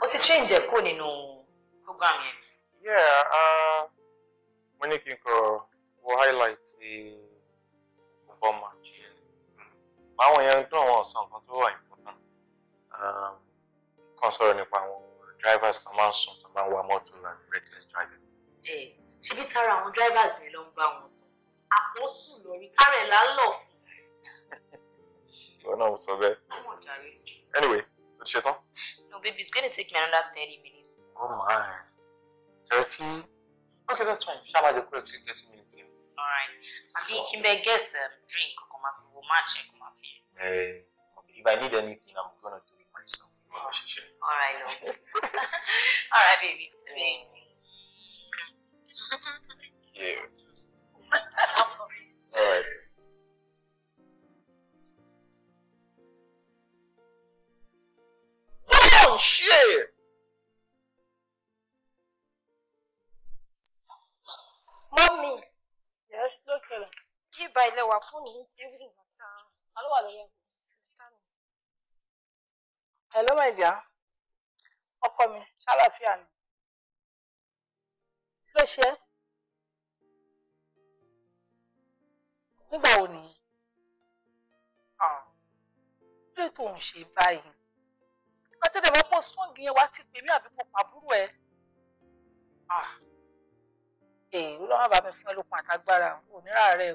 o ti change ẹ̀ kó nínú program yeah uh, mo ní kí n kọ wo highlight the football match yẹn hmm. àwọn yẹn dún àwọn ọ̀sán nǹkan tó wà important um, kàn sọ̀rọ̀ nípa àwọn drivers kan máa ń sùn tó máa and reckless driving. Eh, ṣebí tara àwọn drivers yẹn long ń bá wọn sùn àpò sùn lórí tààrẹ̀ là ń lọ fún. Baby, it's going to take me another 30 minutes. Oh my. 30? Okay, that's fine. Shall I do 30 minutes here? Alright. Abi, oh. Kimbe, get a drink? um, drink. We'll match it. Hey, if I need anything, I'm going to do it myself. Alright, no. Alright, Baby. Yeah. ayé. mọ́mí. yes dókítà. bí ìbá ilẹ̀ wà fóònù yìí ti Hello, ìgbà tá hello my dear ọkọ mi ṣàlàfíà ni ló ṣe é nígbà wo nìyí ah. kí ló tó ń ṣe báyìí kọ́tẹ́lẹ̀ wọ́n pọ̀ sọ́ọ̀gì yẹn wá ti pè mí àbí mo pàbúrò ẹ̀. èyí ah. ló wá bá mi fún ẹ lókun àtagbára òmíràn rẹ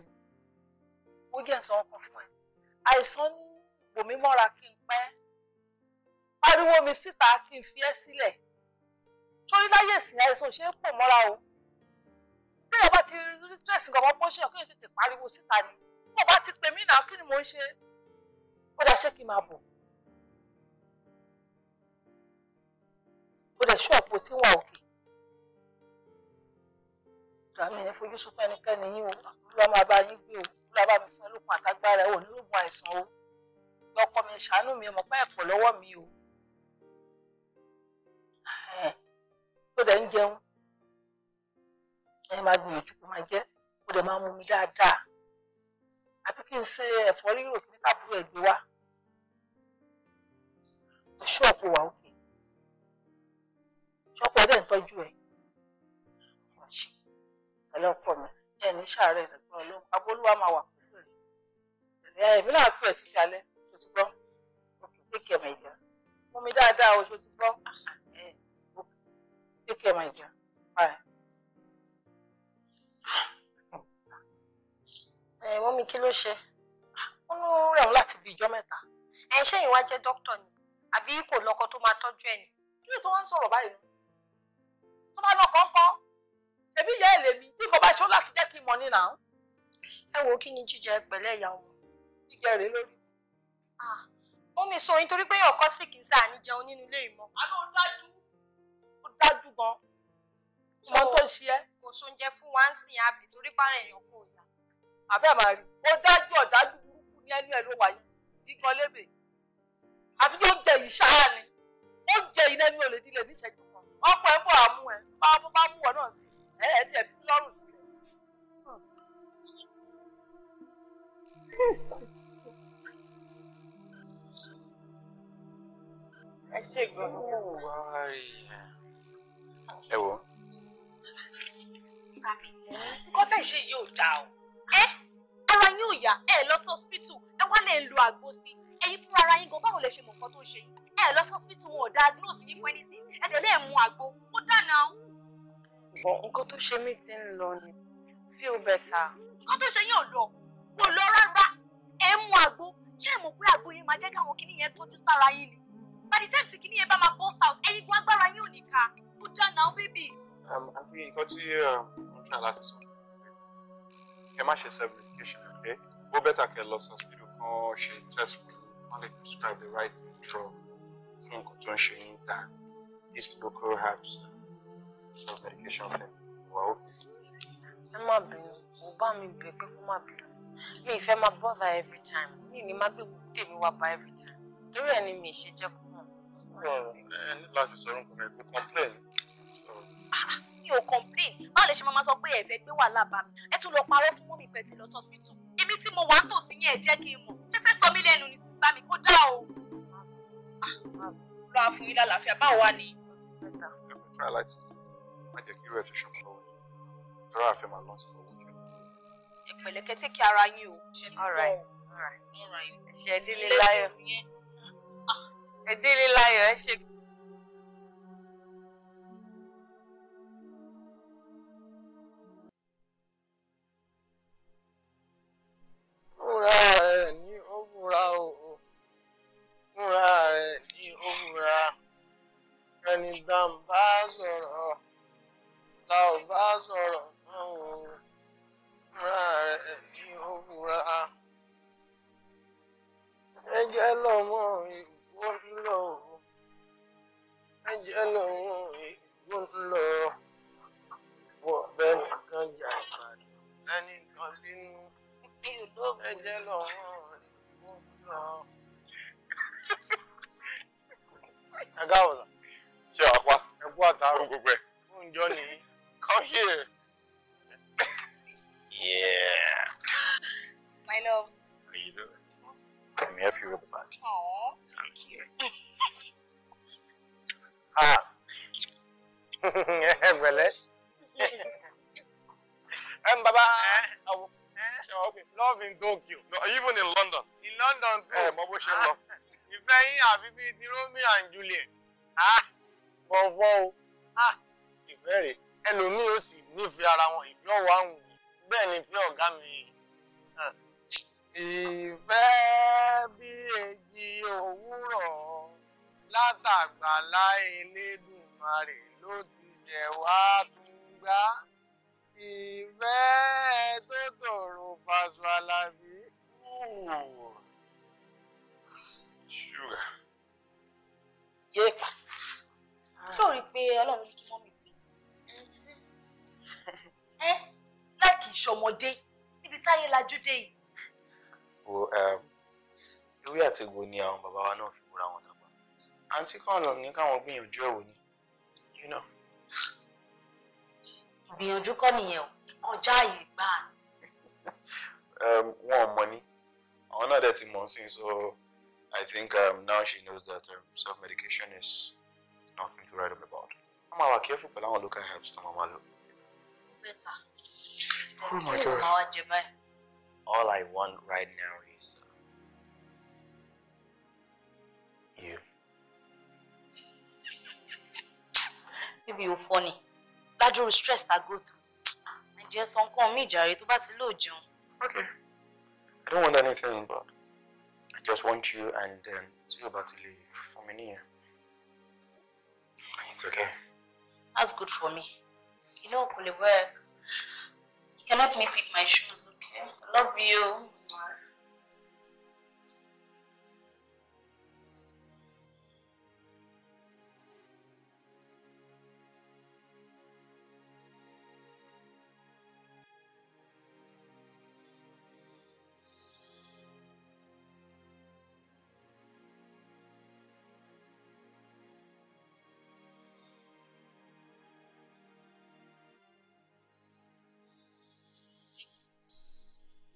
o ó jẹ́ nsọ ọkàn fún ẹ àìsàn ní bòmí mọ́ra kí n pẹ́ pariwo mi síta kí n fi ẹ́ sílẹ̀ torí láyé ìsìn àìsàn ṣe é pò mọ́ra o téèyàn bá ti rí stress nǹkan kan pọ́ṣẹ́ kí n tètè pariwo síta ni mo bá ti pè mí náà kí ni mo ń ṣe ó dá ṣé kí n máa bọ̀. ṣọ́ọ̀bù tí wọn ò kì. ìdààmú yẹn fojú sunkún ẹnikẹ́ni yín o lọ́ọ́ máa bá yín gbé o lọ́ọ́ bá mi fún ẹlòpọ̀ àtagbára ò nírògùn àìsàn o lọ́kọ mi ṣàánú mi ọmọ pa ẹ̀pọ̀ lọ́wọ́ mi o. ó dẹ̀ ń jẹun ẹ máa gbìyànjú kó máa jẹ́ ó dẹ̀ máa mú mi dáadáa àbí kí n ṣe ẹ̀fọ́ rírò kí n káàbùrò ẹ̀gbẹ́ wa ṣọ́ọ̀bù wa o tọ́pọ̀ ẹ̀ dẹ̀ ń tọ́jú ẹ̀ wá ṣe pẹ̀lẹ́ ọkọ mi ẹ̀ ní sàárẹ̀ ìdẹ̀gbọ́n ọlọ́run abolúwa máa wà pẹ̀lú ẹ̀ ẹ̀mí náà fẹ́ títí alẹ́ tó ti gbọ́ òkè take care my dear mú mi dáadáa oṣù ti gbọ́ ẹ̀ òkè take care my dear bye. ẹ wọ́n mi kí ló ṣe wọ́n ló rẹ̀ wọ́n láti bí ìjọ́ mẹ́ta. ẹ ṣé ìwà jẹ́ dókítà ni àbí kò lọ́kọ tó máa tọ́jú ẹ̀ ni. kí ló tó wá ń sọ̀rọ̀ báyìí tó bá lọ kọ̀ọ̀kan ṣebí ìyá ẹ̀ lèmi tí nǹkan bá ṣó láti jẹ́ kí n mọ̀ nínà. ẹ wo kí ni jíjẹ pẹ̀lẹ́ ìyá ọmọ. jíjẹ rèé lórí. Ah, mọ́mí sọ yín torí pé ọkọ sì kì í sáà ní jẹun nínú ilé ìmọ̀. àlọ́ ó dájú ó dájú gan. mo tó ṣe é. kò sóúnjẹ fún wa ń sìn àbí torí pàrọ̀ èèyàn kò yá. àbẹ́ àmà rí ó dájú ọ̀dájú burúkú ní ẹni ẹ̀ ló wáyé dígan lébè àfi yóò jẹ ìṣáá ni ó jẹ iná ní ọkọ ẹ bọ̀ àmú ẹ bá mú bá mú ọ náà sí ẹ ẹ tiẹ̀ fi lọ́rùn sílẹ̀. ẹ ṣe gbọ́dọ̀. ẹ wọ. kọ́tà ìṣe yóò dá o. ẹ ara yín ò yá ẹ lọ sí ọsibítù ẹ wá lè lo àgbo sí ẹ̀yin fúnra ara yín gan báwo lẹ ṣe mọ̀ nǹkan tó ń ṣe yín ẹ lọ sọ́sibítù wọn ò diagnose yín fún anything ẹ dẹ̀ lè mu àgbo ó dáná. bọ̀ nǹkan tó ṣe mí ti ń lọ ni feel better. nǹkan tó ṣe yín ò lọ kò lọ rárá ẹ mu àgbo ṣé ẹ mọ̀ pé àgbo yẹn máa jẹ́ káwọn kinní yẹn tọ́jú sára yín ni by the time tí kinní yẹn bá máa burst out ẹ̀yin gan agbára yín ò ní ká ó dáná ó bébì. Um, àti nǹkan tí um, mo ń tàn láti sọ fún mi ẹ má ṣe self-medication ó bẹ́tà kẹ́ lọ sọ́sibítù kan ṣe test wọn lè prescribe the right drug fún nǹkan tó ń ṣe yín ta these local herbs self medication thing wà ó. ẹ má bínú mo bá mi bẹ pé kó má bínú mi ì fẹ́ máa bother every time mi ì ní má gbé tèmi wá bá every time torí ẹ ni mi ì ṣe jẹ́ kó mọ̀. láti sọ nǹkan ẹ kó complain. mi ò complain báwo lè ṣe máa sọ pé ẹ fẹ́ gbé wàhálà bá mi ẹ tún lọ parọ́ fún mọ́mí pẹ̀tì lọ sọ́sìbítù èmi tí mo wà tòsí yẹn ẹ jẹ́ kí n mọ̀ ṣé fẹ́ sọ wá fún yín lálàáfíà báwo wá ni. ẹgbẹ́ tí a láti má jẹ́ kí irú ẹ̀ tó ṣọ̀kan lọ́wọ́ yìí tọ́ra àfẹ́ máa lọ́n sí lọ́wọ́ yìí. kí ara yín o ṣe ti bọ̀ ẹ̀ṣẹ̀ ìdílé láyọ̀ ẹ̀dílé láyọ̀ ẹ̀ ṣe kí. dé níbi táyé lajú dé yìí. wo um, ewé àtẹ̀gbò ni àwọn bàbá wa náà fi wúra wọn dàgbà àǹtí kan lọ ní káwọn gbìyànjú ẹ̀wò ni you know. ìgbìyànjú kọ́ nìyẹn o kọjá àyè gbà. Um, wọn ò mọ ni àwọn náà dẹ̀ ti mọ̀ sí so I think um, now she knows that um, self-medication is nothing to write home about. wọ́n máa wà careful pẹ̀lú àwọn local herbs tó máa máa lò. better. Oh All I want right now is uh, you. Maybe you're funny. Ládùúrú stress ta go through. Ǹjẹ́ sọ nǹkan mi ìjàre tó bá ti lóò jẹun? Okay. I don't want anything but I just want you and um, tí o bá ti lè fún mi It's okay. That's good for me. You know, kò lè work. Let me fit my shoes, okay? love you.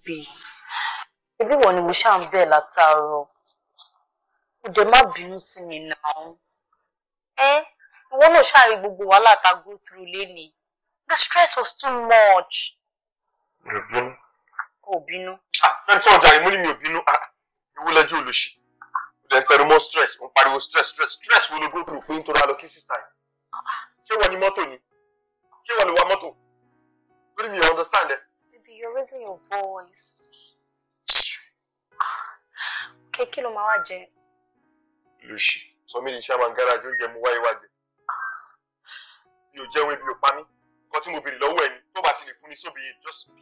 pè é ibi wọn ni mo ṣáà ń bẹ̀ látàárọ̀ kò dé má bínú sí mi náà ẹ ìwọ náà ṣáà rí gbogbo wàhálà ta go through lénìí the stress was too much. mi ò bínú. Ah, bínú. ẹni tí wọn jà ìmúlí mi ò bínú ah, ewu lẹjọ olùṣì then pẹ̀lú mọ́ stress ń pariwo stress stress stress wo ló gbóòdù pé nítorí alọ́ kí sísá yìí ṣé wọ́n ní mọ́tò ni ṣé wọ́n lè wa mọ́tò lórí mi ò understand ẹ̀ you're raising your voice. Okay, kí ló máa wá Lucy, so mí ní iṣẹ́ máa ń gára jù oúnjẹ mo wáyé wá jẹ. Mi ò jẹun ebi ò pa mí. Nǹkan tí mo béèrè lọ́wọ́ ẹ̀ ni tó ti lè fún mi sóbi yìí just be.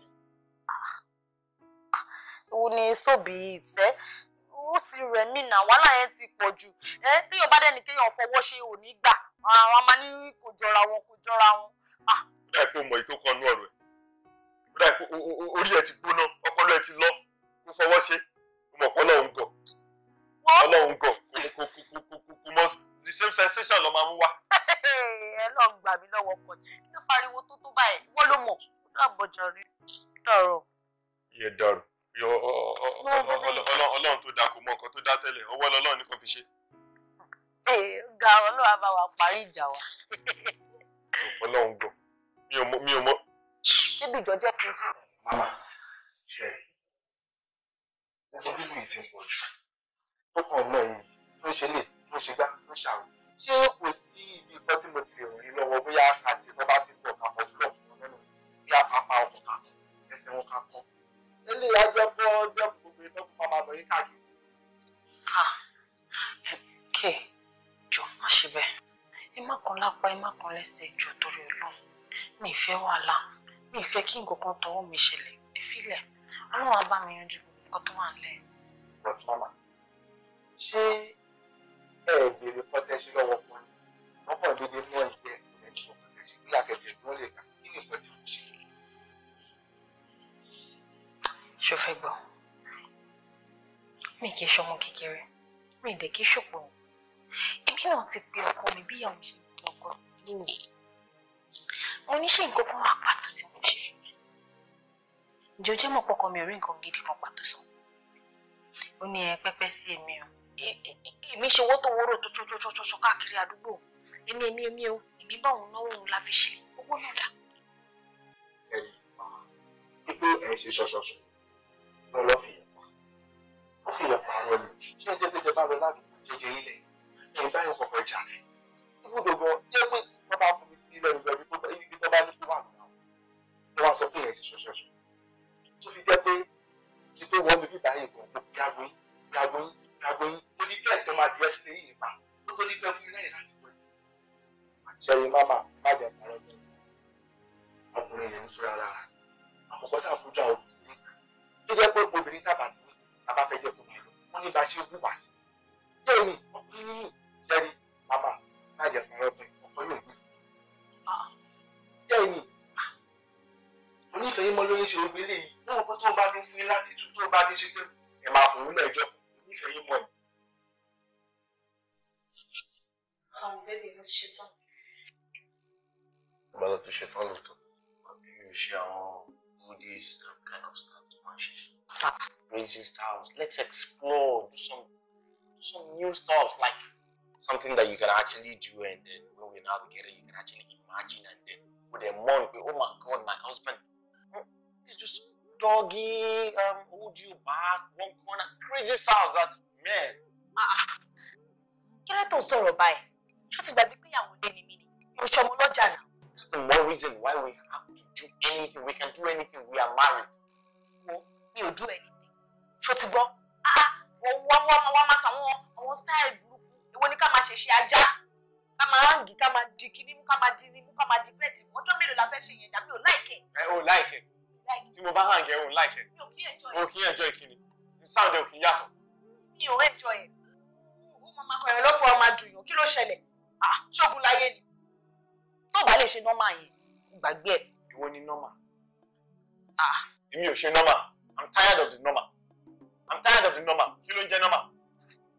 Ìwo ni sóbi yìí tẹ́? Ó ti rẹ̀ mí nà, wàhálà yẹn ti pọ̀ jù. Ẹ téèyàn bá dẹ́ni kéèyàn fọwọ́ ṣe ò ní gbà. Àwọn máa ní kò jọra wọn, kò jọra wọn. Ah. Ó dà pé mo mọ èyí tó kọ́ nú ọ̀rọ̀ ẹ̀ orí ẹ ti gbóná ọpọlọ ẹ ti lọ kó fọwọ́ ṣe kó mọ̀ ọpọlọ òun gọ̀ ọpọlọ òun gọ̀ kó mọ the same sensation ló máa ń wá. ẹ lọ gbà mí lọ́wọ́ ọkọ kí ló fariwo tó tó báyìí wọ́n ló mọ̀ lábọ̀jọ rí dọ̀rọ̀. iye dọ̀rọ̀ ọlọ́run tó dáa kò mọ nǹkan tó dá tẹ́lẹ̀ ọwọ́ ọlọ́run nìkan fi ṣe. ga ọlọ́run á bá wa parí ìjà wa. ọlọ́run gan mi ò mọ ṣíbì jọ jẹ́ kí n ṣe ẹ bíbí yìí pọ̀ jù tó kàn náà yìí tó ṣe lè tó ṣe gbá tó ṣàrò ṣé kò sí ibi kan tí mo fi lè rí lọ́wọ́ bóyá àti tó bá ti pọ̀ kàpọ̀ búlọ̀kù lọ́nà bí apapa ọkọ̀ kan ẹsẹ̀ wọn kan kọ́. eléyà jẹ́ kọ́ jẹ́ gbogbo ìtọ́ fún mama lọ yín káàkiri. kè jọ má ṣe bẹ́ẹ̀ ẹ má kan lápá ẹ má kan lẹ́sẹ̀ jọ torí Ọlọ́run mi ì fẹ́ wàhálà mi fẹ́ kí nǹkan kan tọwọ́ mi ṣẹlẹ̀ ìfilẹ̀ ọlọ́run á bá mi yanjú nǹkan tó wà nílẹ̀. but mama ṣé ẹ béèrè pọtẹ́sí lọ́wọ́ pọ́n ni wọ́n pọ̀ déédéé mọ́ ìgbẹ́ ẹ̀jọ̀ pọtẹ́sí bí akẹ́tẹ̀ ìgbọ́n lè gbà kí ni nǹkan tí mo ṣe. ṣó fẹ́ gbọ́ mi kì í ṣọmọ kékeré mi ì dẹ̀ kí ṣòpò èmi náà ti pe ọkọ mi bí ìyàwó ṣe ń tọ mo ní ṣe nǹkan kan wà pàtàkì ǹjẹ́ o jẹ́ mọ̀ pọ́kọ mi ò rí nǹkan gidi kan pàtó sọ ó ní ẹ pẹ́pẹ́ sí èmi o èmi ṣe owó tó wúrò tó ṣoṣoṣoṣo káàkiri àdúgbò èmi èmi èmi o èmi bá òun náwó òun la fi ṣe owó náà dà. pípé ẹ ṣe ṣọṣọṣọ mo lọ fi yàpá ó fi yàpá àwọn mi kí ẹ dẹ́gbẹ́dẹ́ bá lọ ládùúgbò jẹjẹ ilẹ̀ ẹ báyọ̀ kọ̀ọ̀kan jà ibùdó gan jẹ́ pé wọ́n bá fún mi sí lẹ́nu lọ ibi tó bá ní kó wà lọ́wọ́ wọ́n wá sọ pé ẹ ṣe ṣọṣọṣọ. àgbóyún mo ní bí ẹ̀gbọ́n máa dìyẹ sílé yìí pa ó tó ní fẹ́ fún mi lẹ́yìn láti pẹ́. àṣẹyìn máma má jẹ pàrọ̀ mi ọkùnrin yẹn ń sọ ara àkọ́kọ́ tá a fojú àwọn obìnrin tó jẹ́ pé obìnrin tábà ní tábà fẹ́ jẹ́ kókò lọ wọ́n ní bá ṣe wúwà sí i bẹ́ẹ̀ ni ọkùnrin ṣẹ́rí máma má jẹ pàrọ̀ mi ọkọ yóò gbé bẹ́ẹ̀ ni onífẹ̀ẹ́ yín mọ́ lóyún ṣe obìnrin yìí náà pé tó bá ti ń fún yín láti tú tó bá ti ṣe tẹ́ ẹ̀ máa fún náà ìjọba. I'm ready ẹ́. àwọn bẹ́ẹ̀ ni mo ti tó ṣetán all of mi ò we àwọn movies and kind of stuff tó máa raising let's explore do some do some new stuff like something that you can actually do and then when we're now together you can actually imagine and then with a mom oh my god my husband oh, it's just doggy, um, hold you back, one corner, crazy sounds that man. Ah. Kí ló tó sọ̀rọ̀ báyìí? Ṣé o ti gbàgbé pé ìyàwó dé ni mí ni? Mo ṣe ọmọ lọ́jà That's the more reason why we have to do anything. We can do anything. We are married. Wo mi ò do anything. Ṣo ti gbọ́? Ah, wọ́n wá wá wá máa sọ àwọn àwọn style burúkú. Èwo one ká máa ṣe ṣe ajá? Ká máa hangi, ká máa di kíní mú, ká máa di ní mú, ká máa di bẹ́ẹ̀dì. Ọjọ́ mélòó la fẹ́ ṣe yẹn? Dàbí ò láìkẹ̀. Ẹ ò láìkẹ̀ tí mo bá hàn gẹ̀ òun láìkẹ́ mi ò kí ẹjọ́ ẹ̀ o kí ẹjọ́ ìkíni sound ẹ̀ ò kí yàtọ̀. mi ò ẹjọ́ ẹ̀ ó máa máa kọyàn lọ́fọ̀ọ́ máa dùnyàn kí ló ṣẹlẹ̀ ṣógun láyé ni tó bá lè ṣe nọ́mà yẹn gbàgbé ẹ̀. ìwọ ni nọ́mà èmi ò ṣe nọ́mà i'm tired of the nọ́mà i'm tired of the nọ́mà kí ló ń jẹ́ nọ́mà.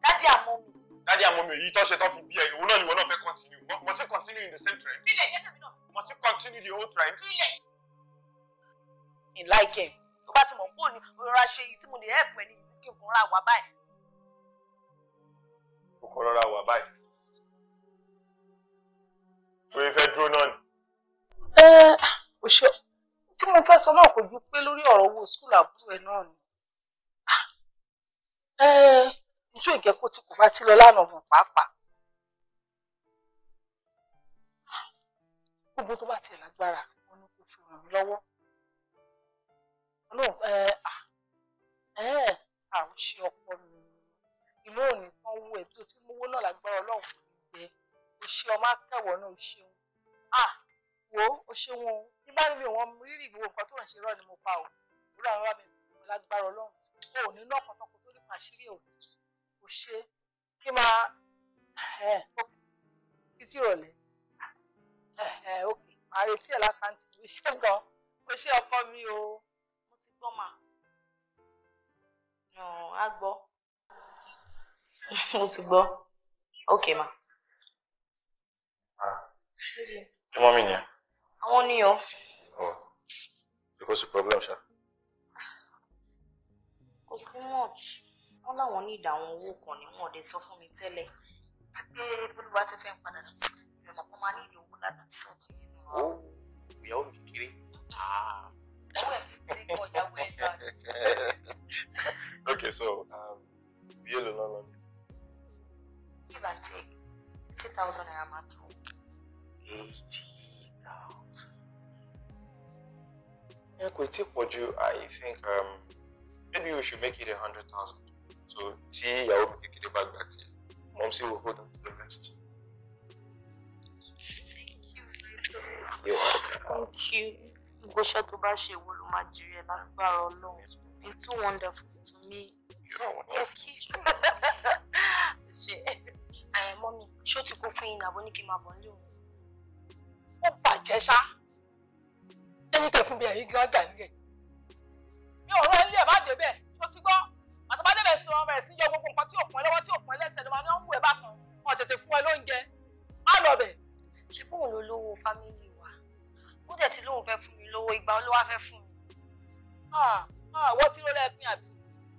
dádì àmọ́ mi. dádì àmọ́ mi èyí tó ṣe tó fi bí ẹ òun náà ni wọn náà fẹ́ continue must you continue in the same trend. bílẹ̀ jẹ́ kàmínà. must you continue the old trend. bílẹ̀ in like him. tó bá ti mọ̀ pọ̀ ní rọra ṣe yìí tí mo lè help ẹ ní ìlú kí n kàn ra wà báyìí. o kò rọra wà báyìí oye fẹ́ dúró náà ni. ẹ ò ṣe tí mo fẹ́ sọ náà kò ju pé lórí ọ̀rọ̀ owó skul àbúrò ẹ̀ náà ni ìjọ ah, ìgẹ́kó tí kò bá ti lọ lánàá mọ̀ pàápàá gbogbo tó bá tiẹ̀ lágbára wọn ni kò fi ràn mí lọ́wọ́ no ẹ ẹ à ń ṣe ọkọ mi ìlú òní kan wo ètò tí mo wó náà lágbára ọlọ́run kò ní gbẹ o ṣe ọmọ akẹ́wọ̀ náà o ṣeun à wo o ṣeun o ní bá mi wọn rírì gbogbo nǹkan tó ń ṣe rọ ni mo pa o òwúrọ̀ àwọn bàbá mi lágbára ọlọ́run o ò ní náà kọ́tọ́kọ́ tó nípa àṣírí òkú o ṣe kí máa ẹ kí sí ìrọ̀lẹ́ ẹ ẹ ok màá retí ẹ̀ lákàntì o ṣe gan o ṣe ọkọ mi o ti gbọ́ mà á gbọ́ mo ti gbọ́ ok ma. kí mọ́ mi nìyẹn. àwọn ni o. kò sí problem ṣá. kò sí much wọn láwọn ní ìdáwọn owó kan ni wọn ò dé sọ fún mi tẹ́lẹ̀ àti pé bólúwa ti fẹ́ padà sí sí ìrìnà kan máa nílò owó láti sọ ti nínú ọ̀hún. ìyàwó mi kiri. okay, so um, bill or loan on Give and take. 80,000 naira matter. 80,000. Yeah, kò tí pọ̀ jù, I think um, maybe we should make it a 100,000. So, I will mi kékeré bá bag tiẹ̀, Momsi will hold on to the rest. Thank you. You're welcome. Thank you. gbogbo iṣẹ́ tó bá ṣe wo ló máa jèrè ẹ̀ lágbára ọlọ́run you've been too wonderful to me. you are wonderful. ṣe ẹ mọ́mí ṣó ti kó fún yín nàbó ní kí n máa bọ̀ nílùú. ó bàjẹ́ ṣá ẹni tẹ̀ fún mi ẹ̀yìn gan dà nílẹ̀. mi ò rán ilé ẹ̀ bá débẹ̀ tó ti gbọ́ àtàbá débẹ̀ sí ọmọ rẹ̀ sí yọ gbogbo nǹkan tí ò pọn lọ́wọ́ tí ò pọn lẹ́sẹ̀ ló máa ní wọ́n wù ẹ̀ bá kan ọ̀ tètè fún ẹ lóúnjẹ má lọ bẹ̀. ṣé bóun ló lówó fámílì o ó dẹ̀ ti lóun fẹ́ fún mi lówó ìgbà ó fẹ́ fún mi. wọ́n ti rọ́lá ẹ̀pin àbí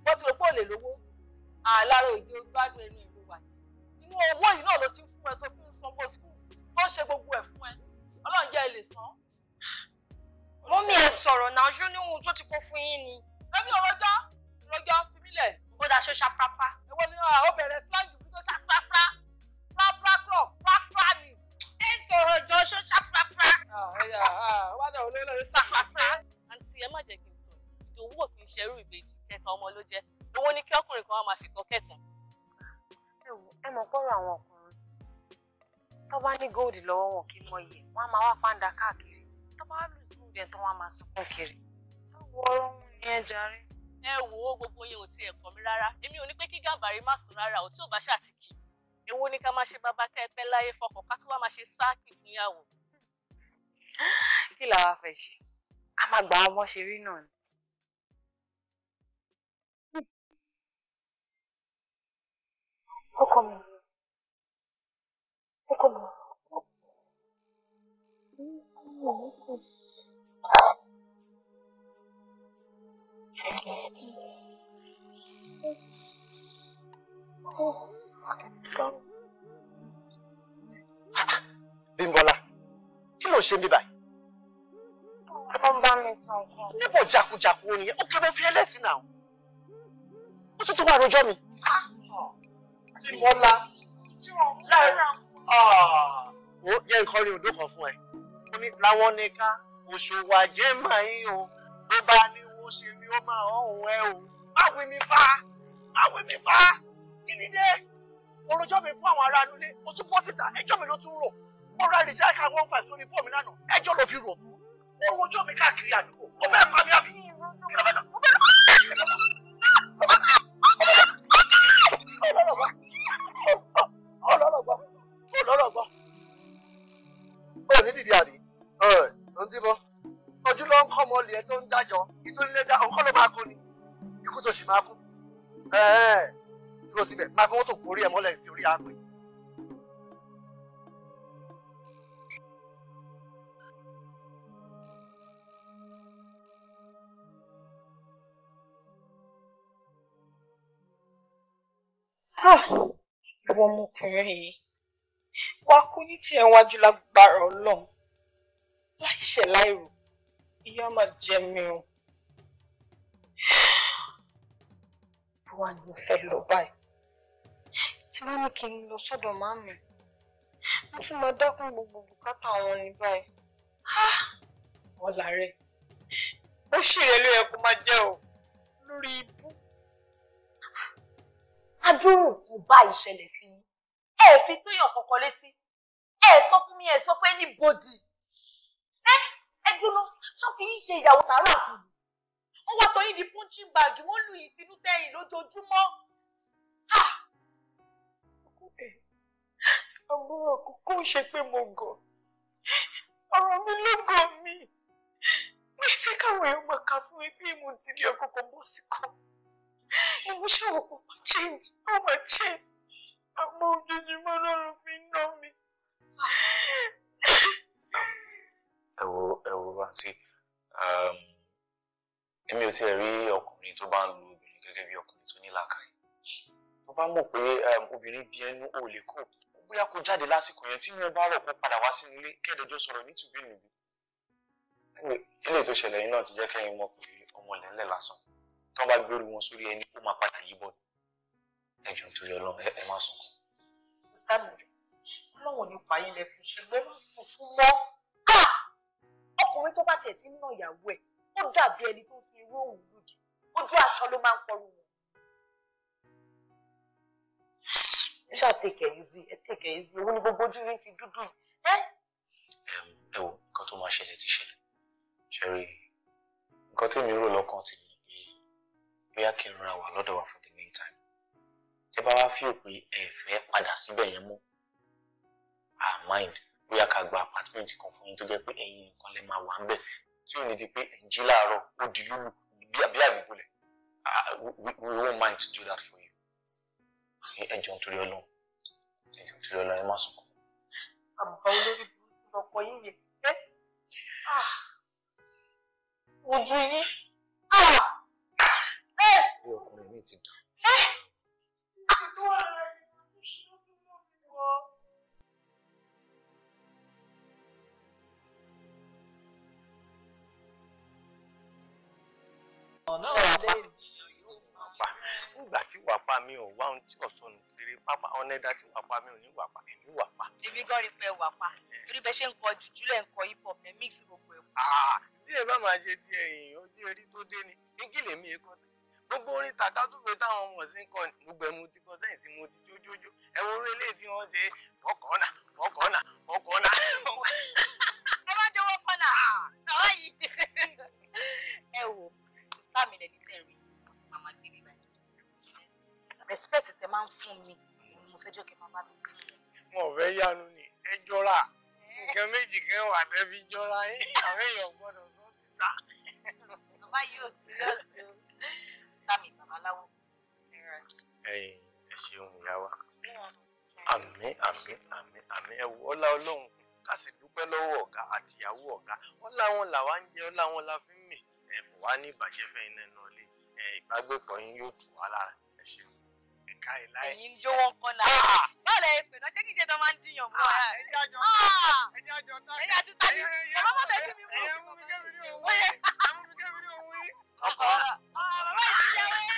wọ́n ti rò pé ò lówó àlárò ìgbé gbádùn ẹnu ìlú wà yìí. inú owó yìí náà ló ti ń fún ẹ tó fi ń sanwó skul tó ń ṣe gbogbo ẹ̀ fún ẹ ọlọ́run jẹ́ ilé san. mọ́mí ẹ sọ̀rọ̀ náà ṣó ní tó ti kó fún yín ni. ẹbí ọlọ́jà ọlọ́jà fi mí lẹ̀. ó dá ṣó ṣapapa. ẹ̀wọ́n ni ó sọ̀rọ̀ jọ ṣó ṣàpápá. wádà olóyè lórí ṣàpápá. àǹtí ẹ má jẹ́ kí n tọ̀ ìdòwúwò kì í ṣerú ìbejì kẹta ọmọ ló jẹ́ owó ní kí ọkùnrin kan wá máa fi kọ kẹ́kọ̀ọ́. ẹ mọ̀ pọ́rọ̀ àwọn ọkùnrin tó bá ní gold lọ́wọ́ wọn kì í mọ iye wọn á máa wá pàǹdà káàkiri tó bá lù ú dẹ̀ tó wọn á máa sunkún kiri. ẹ wo ọ̀rọ̀ wọn ni ẹ jàre. ẹ wo gbogbo yẹn ò tiẹ̀ kọ́ mi rárá èmi ò ní pé kí gàbàrí má sùn rárá ò tí ò bá ṣàtìkì èwo ni ká máa ṣe bàbá kẹpẹ láyé fọkàn ká tún wá máa ṣe sáàkì fúnyàwó. kí làwa fẹ́ ṣe a máa gbà á wọ́n rí náà ni. ọkọ mi ọkọ mi Oh. ló ṣe mi báyìí. ó bá mi sọ ìkan. níbo jakujaku o nìyẹn ó kí ló fi ẹlẹ́sìn náà ó tún ti wá àròjọ mi. ìmọ̀lá láì ah. wo jẹ́ nǹkan rí odò kan fún ẹ ó ní láwọn ní ká òṣòwò àjẹ́ màá yín o ló bá ní wo ṣe ni ó máa ọ̀hún ẹ o má wí mi pa má wí mi pa kí ni dé orojọ́ mi fún àwọn ará nílé ó tún bọ́ síta ẹjọ́ mi ló tún rò mo ra rìjáìkà one five sórí fóònù lánàá ẹjọ́ ló fi rò ó wọjọ́ mi káàkiri àdúgbò ó fẹ́ pa mí àbí kí ló fẹ́ sọ ó fẹ́ ọlọ́lọ́gbọ́ ọlọ́lọ́gbọ́ òní dìde àrí ló ń díbọ́ ojú ló ń kọ́ ọmọ ọlẹ́ tó ń dájọ́ ìtòlélẹ́dá ọkọ́ ló máa kú ni ikú tó sì máa kú tí mo sì bẹ̀ máa fi wọ́n tó kórè ẹ̀ mọ́lẹ̀ sí orí àgbẹ̀. ìwọ ọmọkùnrin yìí wàá kú ní tiẹ̀ wájú lágbára ọlọ́run láìṣẹ̀ láìrò ìyá máa jẹ mi o wà ní mo fẹ́ lọ báyìí tí wọ́n ní kí n lọ sọ́dọ̀ màmí mo tún máa dákún gbogbo bùkátà wọn ní báyìí bọ́lá rẹ̀ ó ṣèrè ló yẹ kó máa jẹ́ o lórí ibú adúrú nǹkan bá ìṣẹ̀lẹ̀ sí i ẹ fi tóyàn kankan létí ẹ sọ fún mi ẹ sọ fún anybody ẹ ẹ dúró ṣọ́ fi yín ṣe ìyàwó sàárà fún mi wọ́n wá sọ yín di punching bag wọ́n lù yín tinú tẹ̀yìn lójoojúmọ́ àbúrò kókó ṣe pé mo gọ̀ ọ̀rọ̀ mi ló gọ̀ mí mi fẹ́ káwọn èèyàn máa kà fún mi bí mo ti lé ọkọ̀ kan bọ́ sí kan mo ṣàwọn kò máa change ó máa change àmọ́ ojoojúmọ́ lọ́rùn fi ń ná mi. ẹ wo ẹ wo àǹtí um, èmi ò tiẹ̀ rí ọkùnrin tó bá ń lu obìnrin gẹ́gẹ́ bí ọkùnrin tó ní làákàyè tó bá mọ̀ pé um, obìnrin bí ẹnu ò lè kó bóyá kó jáde lásìkò yẹn tí wọn bá rọ̀ kó padà wá sínú ilé kẹ́ẹ̀dẹ́jọ́ sọ̀rọ̀ nítùbí nìbí ilé tó ṣẹlẹ̀ yìí náà ti jẹ́ kẹ́yìn mọ̀ pé ọmọ lẹ́lẹ̀ lásán tó bá gbèrú wọn sórí ẹni ó máa padà yí bọ̀ ẹjọ́ nítorí ọlọ́run ẹ má sùn. sítámìrì ọlọ́wọ̀n nípa yín lẹ ṣẹgbẹ́ má sùn fún mọ́ ọkùnrin tó bá tiẹ̀ ti ń nà ìyàwó ẹ̀ ó dàbí ẹni tó fi ewé òun lòdì ojú aṣọ ló máa ń pọrú wọn. ẹ ṣáà tẹkẹ̀ yìí sí ẹ tẹkẹ̀ yìí sí owó ní gbogbo ojú yín ti dúdú yìí. ẹ wo nǹkan tó máa ṣẹlẹ̀ ti ṣẹlẹ̀ ṣẹ́rí nǹkan tí mi rò lọ́kàn ti mi bóyá kí n ra wà lọ́dọ̀ wa for the meantime tẹ bá wá fi òpin ẹ̀fẹ́ padà síbẹ̀ yẹn mọ́ our ah, mind bóyá ká gba apartment kan fún yín tó jẹ́ pé ẹ̀yin nǹkan lè máa wà ń bẹ̀ tí ò ní di pé ẹ̀ ń jí láàárọ̀ ó di lúlù bí àbí àgbègbèlẹ̀ ah, we won't mind to do that for you ẹjọ́ nítorí ọlọ́run ẹjọ́ nítorí ọlọ́run ẹ má sùn. àbá olórí burúkú lọkọ yín yẹn ah, ojú yín mi ti dà. ọ̀nà ọ̀lẹ́ ènìyàn yóò máa pa nígbà tí wàpá mi ò wá ohun tí ọ̀sán kiri pápá ọ̀nẹ́dá tí wàpá mi ò ní wàpá èmi wàpá. èmi gan rí pé wàpá torí bẹ́ẹ̀ ṣe ń kọ jùjú lẹ̀ ń kọ hip hop ẹ̀ mix gbogbo ẹ̀. díẹ̀ ah, bá máa ṣe ti ẹ̀yìn ojú erí tó dé ni igi lèmi èkó náà gbogbo orin tàkàtúgbé táwọn ọmọ sí ń kọ gbogbo ẹmu ti kọ sẹ́yìn tí mo ti jójójó ẹ̀wọ̀n orí eléyìí tí wọ́n ṣe bọ́kọ̀ọ́nà bọ́kọ̀ọ́nà bọ́kọ̀ọ́nà. ẹ má jọ̀wọ́ kọlà bàbá yìí. ẹ wo sísá mi lẹni tẹ rí mo ti máa ma gbé mi báyìí. respect tẹ máa ń fún mi mo fẹ́ jọ kí n máa bá mi tì. mo fẹ́ yanu ni ẹ jọra nǹkan méjì kan wà tẹ́ fi jọra yín àwọn èèyàn gbọ́dọ̀ sọ ti ta. bàbá yìí ò sí sàmì babaláwo. ẹ ṣeun ìyá wa àmín àmín àmín àmín ẹ wò ọlá Ọlọ́run ká sì dúpẹ́ lọ́wọ́ ọ̀gá àti ìyàwó ọ̀gá ọlá wọn làwa ń jẹ ọlá wọn la fi ń mì ẹ kò wá ní ìbàjẹ́ fẹ́ náà lé ẹ ìbágbépọ̀ yín yóò tù wá lára ẹ ṣeun káìláì. ẹ̀yin jó wọn kọ́ la. báwo lẹ pè náà ṣé kí n ṣe tó máa ń dìyàn mọ́ ah, ah, ẹ. ẹ̀yin àjọ ẹ̀yin àjọ tá ẹ̀yin àti tani bàbá má bẹ́ẹ̀ kí mi mú. ẹ̀yin mú mi kébì ní òun yìí. ẹ̀yin mú mi kébì ní òun yìí. bàbá ìyàwó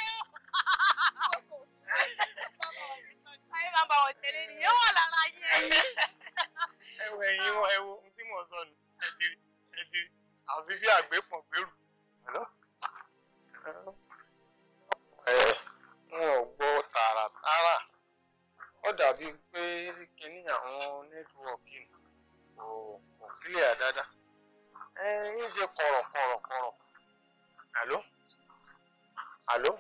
ayé máa bá wọn ṣẹlẹ̀ nìyẹn wà lára yín ẹ̀yin. ẹwọ ẹ̀yin wọn ẹwọ ohun tí mò ń sọ ni ẹdiri ẹdiri àfi bí àgbẹ̀pọ̀ gbèrú. ẹ ẹ wọn ò gbọ́ tààràtààrà ó dàbí pé kíní àwọn nẹ́tíwọ̀kì kò kò kílẹ̀ dáadáa ẹ ń ṣe kọ̀rọ̀kọ̀rọ̀kọ̀rọ̀ àló àló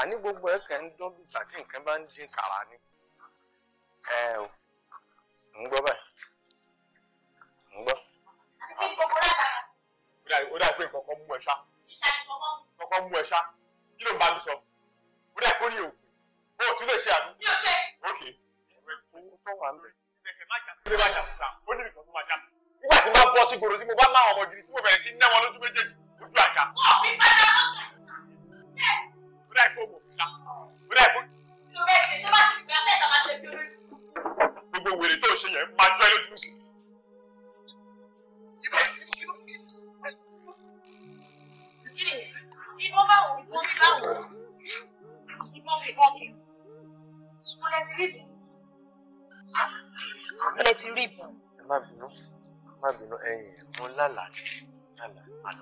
àní gbogbo ẹ kàn ń dán bí ìgbà tí nǹkan bá ń dín kàrà ni ẹ ò ń gbọ́ báyìí ń gbọ́. ó dàbí pé nǹkan kan mú ẹ ṣá. nǹkan kan mú ẹ ṣá kí ló ń bá mi sọ ó dẹ́ kó ní òkú ó tún lè ṣe àbí. mi ò ṣe. ok owó tó wà lórí. ìdẹ̀kẹ̀ má jà sí ilé má jà sí ta ó ní nǹkan tó má jà sí. nígbà tí mo bá bọ́ sí gbòòrò tí mo bá láwọn ọmọ gidi tí mo bẹ̀rẹ̀ sí ná wọn lójú méjèèjì lójú àjà. wọ́n fi fẹ́ràn lọ́jà. ó dẹ́ kó mọ̀ ṣá ó dẹ́ kó. ìrẹsì tó bá ti gbà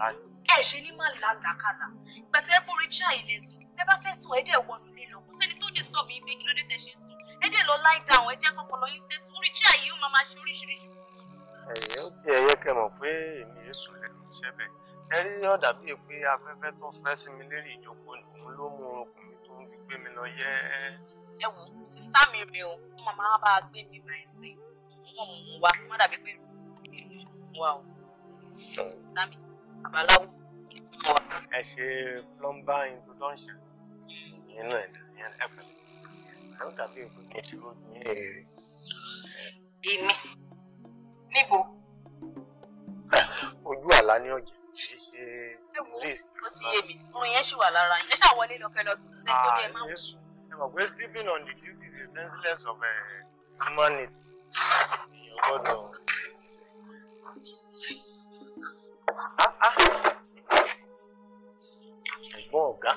láì. ẹ ṣe ní má làlàkàlà ìgbà tó yẹ kó rí chai ilẹ̀ sùn sí tẹ bá fẹ́ sùn ẹ dẹ̀ wọnú ilé lọ kó sẹ́ni tó lè sọ mí pé kí ló dé tẹ ṣe sùn ẹ dẹ̀ lọ láì dá àwọn ẹjẹ́ kọ̀ọ̀kan lọ́yìn ṣe tún rí chai yìí ó máa máa ṣe oríṣiríṣi. ẹ̀yẹ́ ó ti ẹ̀yẹ́ kẹ́ mọ̀ pé èmi yéé sùn lẹ́nu iṣẹ́ bẹ́ẹ̀ ẹ rí ọ̀dà bíi pé afẹ́fẹ́ tó fẹ́ sí mi lérí ìjókòó òun ló mú ọkùnrin tó ń gbé mi lọ yẹ́ ẹ wò sista mi rè o wọn máa bá a gbé mi máa ń sìn wọn mú un wọn dàbí pé ìlú ṣe wa o sista mi babaláwo tí mo wà. ẹ ṣe plumber introduction ìyẹn náà ẹ̀dá ìyẹn ẹ̀fẹ̀ àwọn tàbí èkó ní ti rò ní èrè. èmi níbo. ojú àlá ní ọjà kì í ṣe ìwúrí. ó ti yé mi orin yẹn ṣì wà lára yín ẹ ṣáà wọlé lọkẹ lọ sùn ṣé kí ó ní ẹ má ah, wọ. ẹ mọ̀ pé sleeping on the duty is a senseless of uh, humanity. èèyàn gbọ́dọ̀ ẹ̀gbọ́n ọ̀gá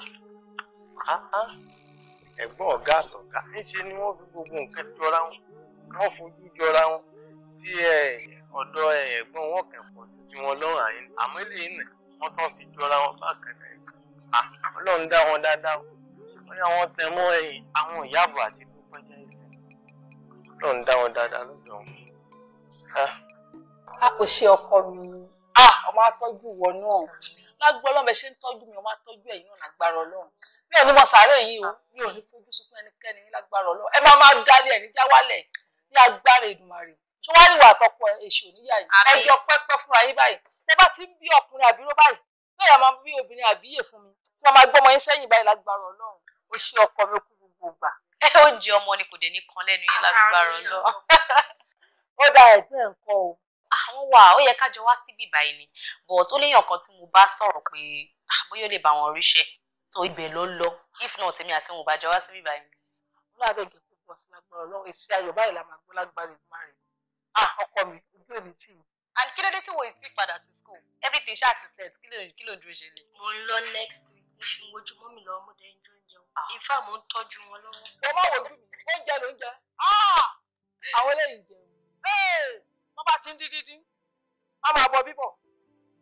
ẹ̀gbọ́n ọ̀gá àtọ̀gá níṣe ni wọ́n fi gbogbo nǹkan jọra wọn wọ́n fojú jọra wọn tí ọ̀dọ̀ ẹ̀gbọ́n wọn kàn pọ̀ ju wọn lọ́rùn àyín àmọ́ eléyìí nà wọ́n tán fi jọra wọn bákan náà ọlọ́run dá wọn dáadáa o bóyá wọ́n tẹ mọ́ ẹ̀yìn àwọn ìyáàbọ̀ àti tó kọjá ẹ̀sìn ọlọ́run dá wọn dáadáa lọ́dọ̀ wọn. a kò ṣe ọkọ mi ah ọmọ atọ́jú ìwọ náà lágbó ọlọ́mọ ṣe ń tọ́jú mi ọmọ atọ́jú ẹ̀yìn náà lágbára ọlọ́run mi ò ní mọ sàárẹ̀ yìí o mi ò ní fojú sunkún ẹnikẹ́ni lágbára ọlọ́run ẹ máa máa dalé ẹ̀ já jáwálẹ̀ ní agbára Èdùmàrè tó wá rí ìwà àtọ́kọ èṣù níyà yìí ẹ jọ pẹ́pẹ́ fúnra yín báyìí tẹ bá ti ń bí ọkùnrin àbíró báyìí bẹ́ẹ̀ máa bí obìnrin àbíyè fún mi tí wọ́n máa gbọ́mọ yín sẹ́yìn báyìí lágbára ọlọ́run ó ṣe ọkọ mi kú gbogbo ìgbà. ẹ ó jẹ ọmọ ni kò dé ní kan lẹ́nu yín lágbára ọlọ́run. ó dáa ẹ̀gbẹ́ ẹ̀ ń kọ́ o àwọn wà ó yẹ ká jọ wá síbí báyìí ni but ó léyàn kan tí mo bá sọ̀rọ̀ pé ah, bóyá ó lè bá wọn ríṣẹ́ tó ibẹ̀ ló lọ if not èmi àti wọn ò bá jọ wá síbí báyìí. mo láàárọ̀ ìgbẹ́ tó pọ̀ sí lágbára ọlọ́run èsì ayọ̀ báyìí la máa gbọ́ lágbára ìgbà rẹ̀ ah ọkọ mi ojú èmi tì mí. and kí ló dé tí wo ì tí padà sí school everything ṣáà ti set kí ló kí ló dúró ṣe lè. mo ń lọ next week mo ṣe ń wojú mọ́mì lọ́wọ́ mo dẹ̀ ń jó oúnjẹ wọn ah. ifá mo ń tọ́jú wọn lọ́wọ́. mo má wojú mi oúnjẹ ló ń jẹ ah! àwọn eléyìí jẹun wọ́n bá ti ń dín dín a máa bọ bíbọ̀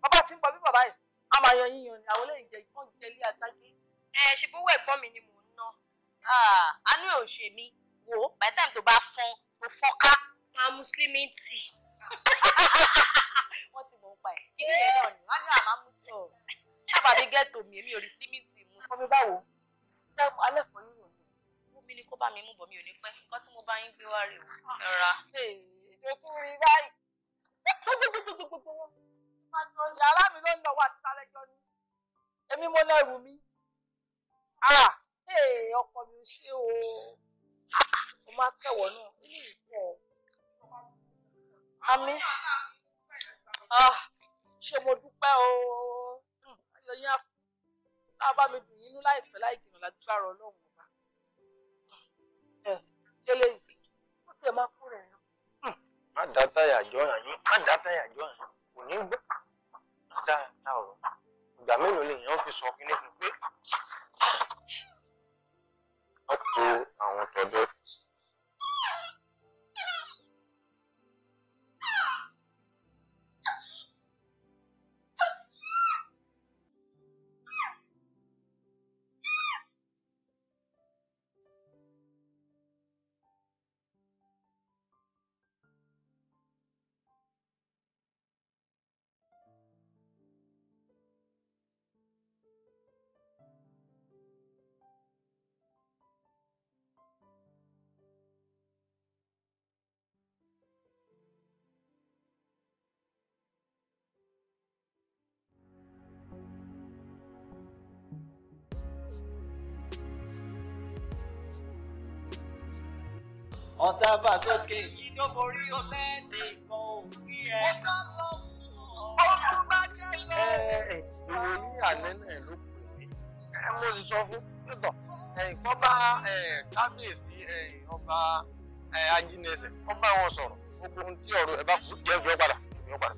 wọ́n bá ti ń bọ bíbọ̀ báyìí a máa yan yíyan ni àwọn eléyìí jẹ ìkọ́ jẹ ilé àgbáyé. ẹ ṣe bówó ẹ̀gbọ́n mi ni mò ń ná àánú ẹ̀ ò ṣe mí wò ó by the time tó bá fọn tó fọ́ká pa mùsùlùmí tì wọ́n ti mọ̀ ń pa ẹ̀ kí ni ẹ̀ náà ni wọ́n ní àmà mú tọ̀ sábàbí gẹ́tò mi èmi ò rí símìtì mu. ọmọ mi báwo alẹ́ kan yóò rò mí. omi ni kó bá mi mú bọ̀ mi ò ní pẹ́ nǹkan tí mo bá yín gbé wá rè o. ẹ ìdíje fún mi báyìí gbogbogbogbogbogbogbò wọn máa jọ yàrá mi ló ń lọ wà títàlẹ jọ ni èmi mo lẹrù mi ah eh, ee ọkọ mi ò o mo máa kẹwọ náà nínú ìfọ mo dúpẹ́ o ayọ̀ yín àfọ tá a bá mi dùn yín nú láìpẹ́ láì jìnnà lágbára Ọlọ́run ọba ẹ ṣe lè ó tiẹ̀ máa má dá táyà jọ àyín má dá táyà jọ àyín kò ní gbọ́ dáadáa ọ̀rọ̀ ìgbà mélòó lèèyàn fi sọ kí ní fi pé. wọ́n àwọn tọ́jọ́ ọ̀tá bá sókè. èyí ló borí ọlẹ́ nìkan òbí ẹ. ọ̀tá lọ ọdún bá jẹ́ lọ. ìwé ní àná náà ló pè é mo sì sọ fún pẹ̀tọ̀ kọ́ bá kábíyèsí ọba ajínẹsẹ̀ kọ́ bá wọn sọ̀rọ̀ gbogbo ohun tí ọ̀rọ̀ ẹ̀ bá kú jẹ́ ìfẹ́ padà ìfẹ́ padà.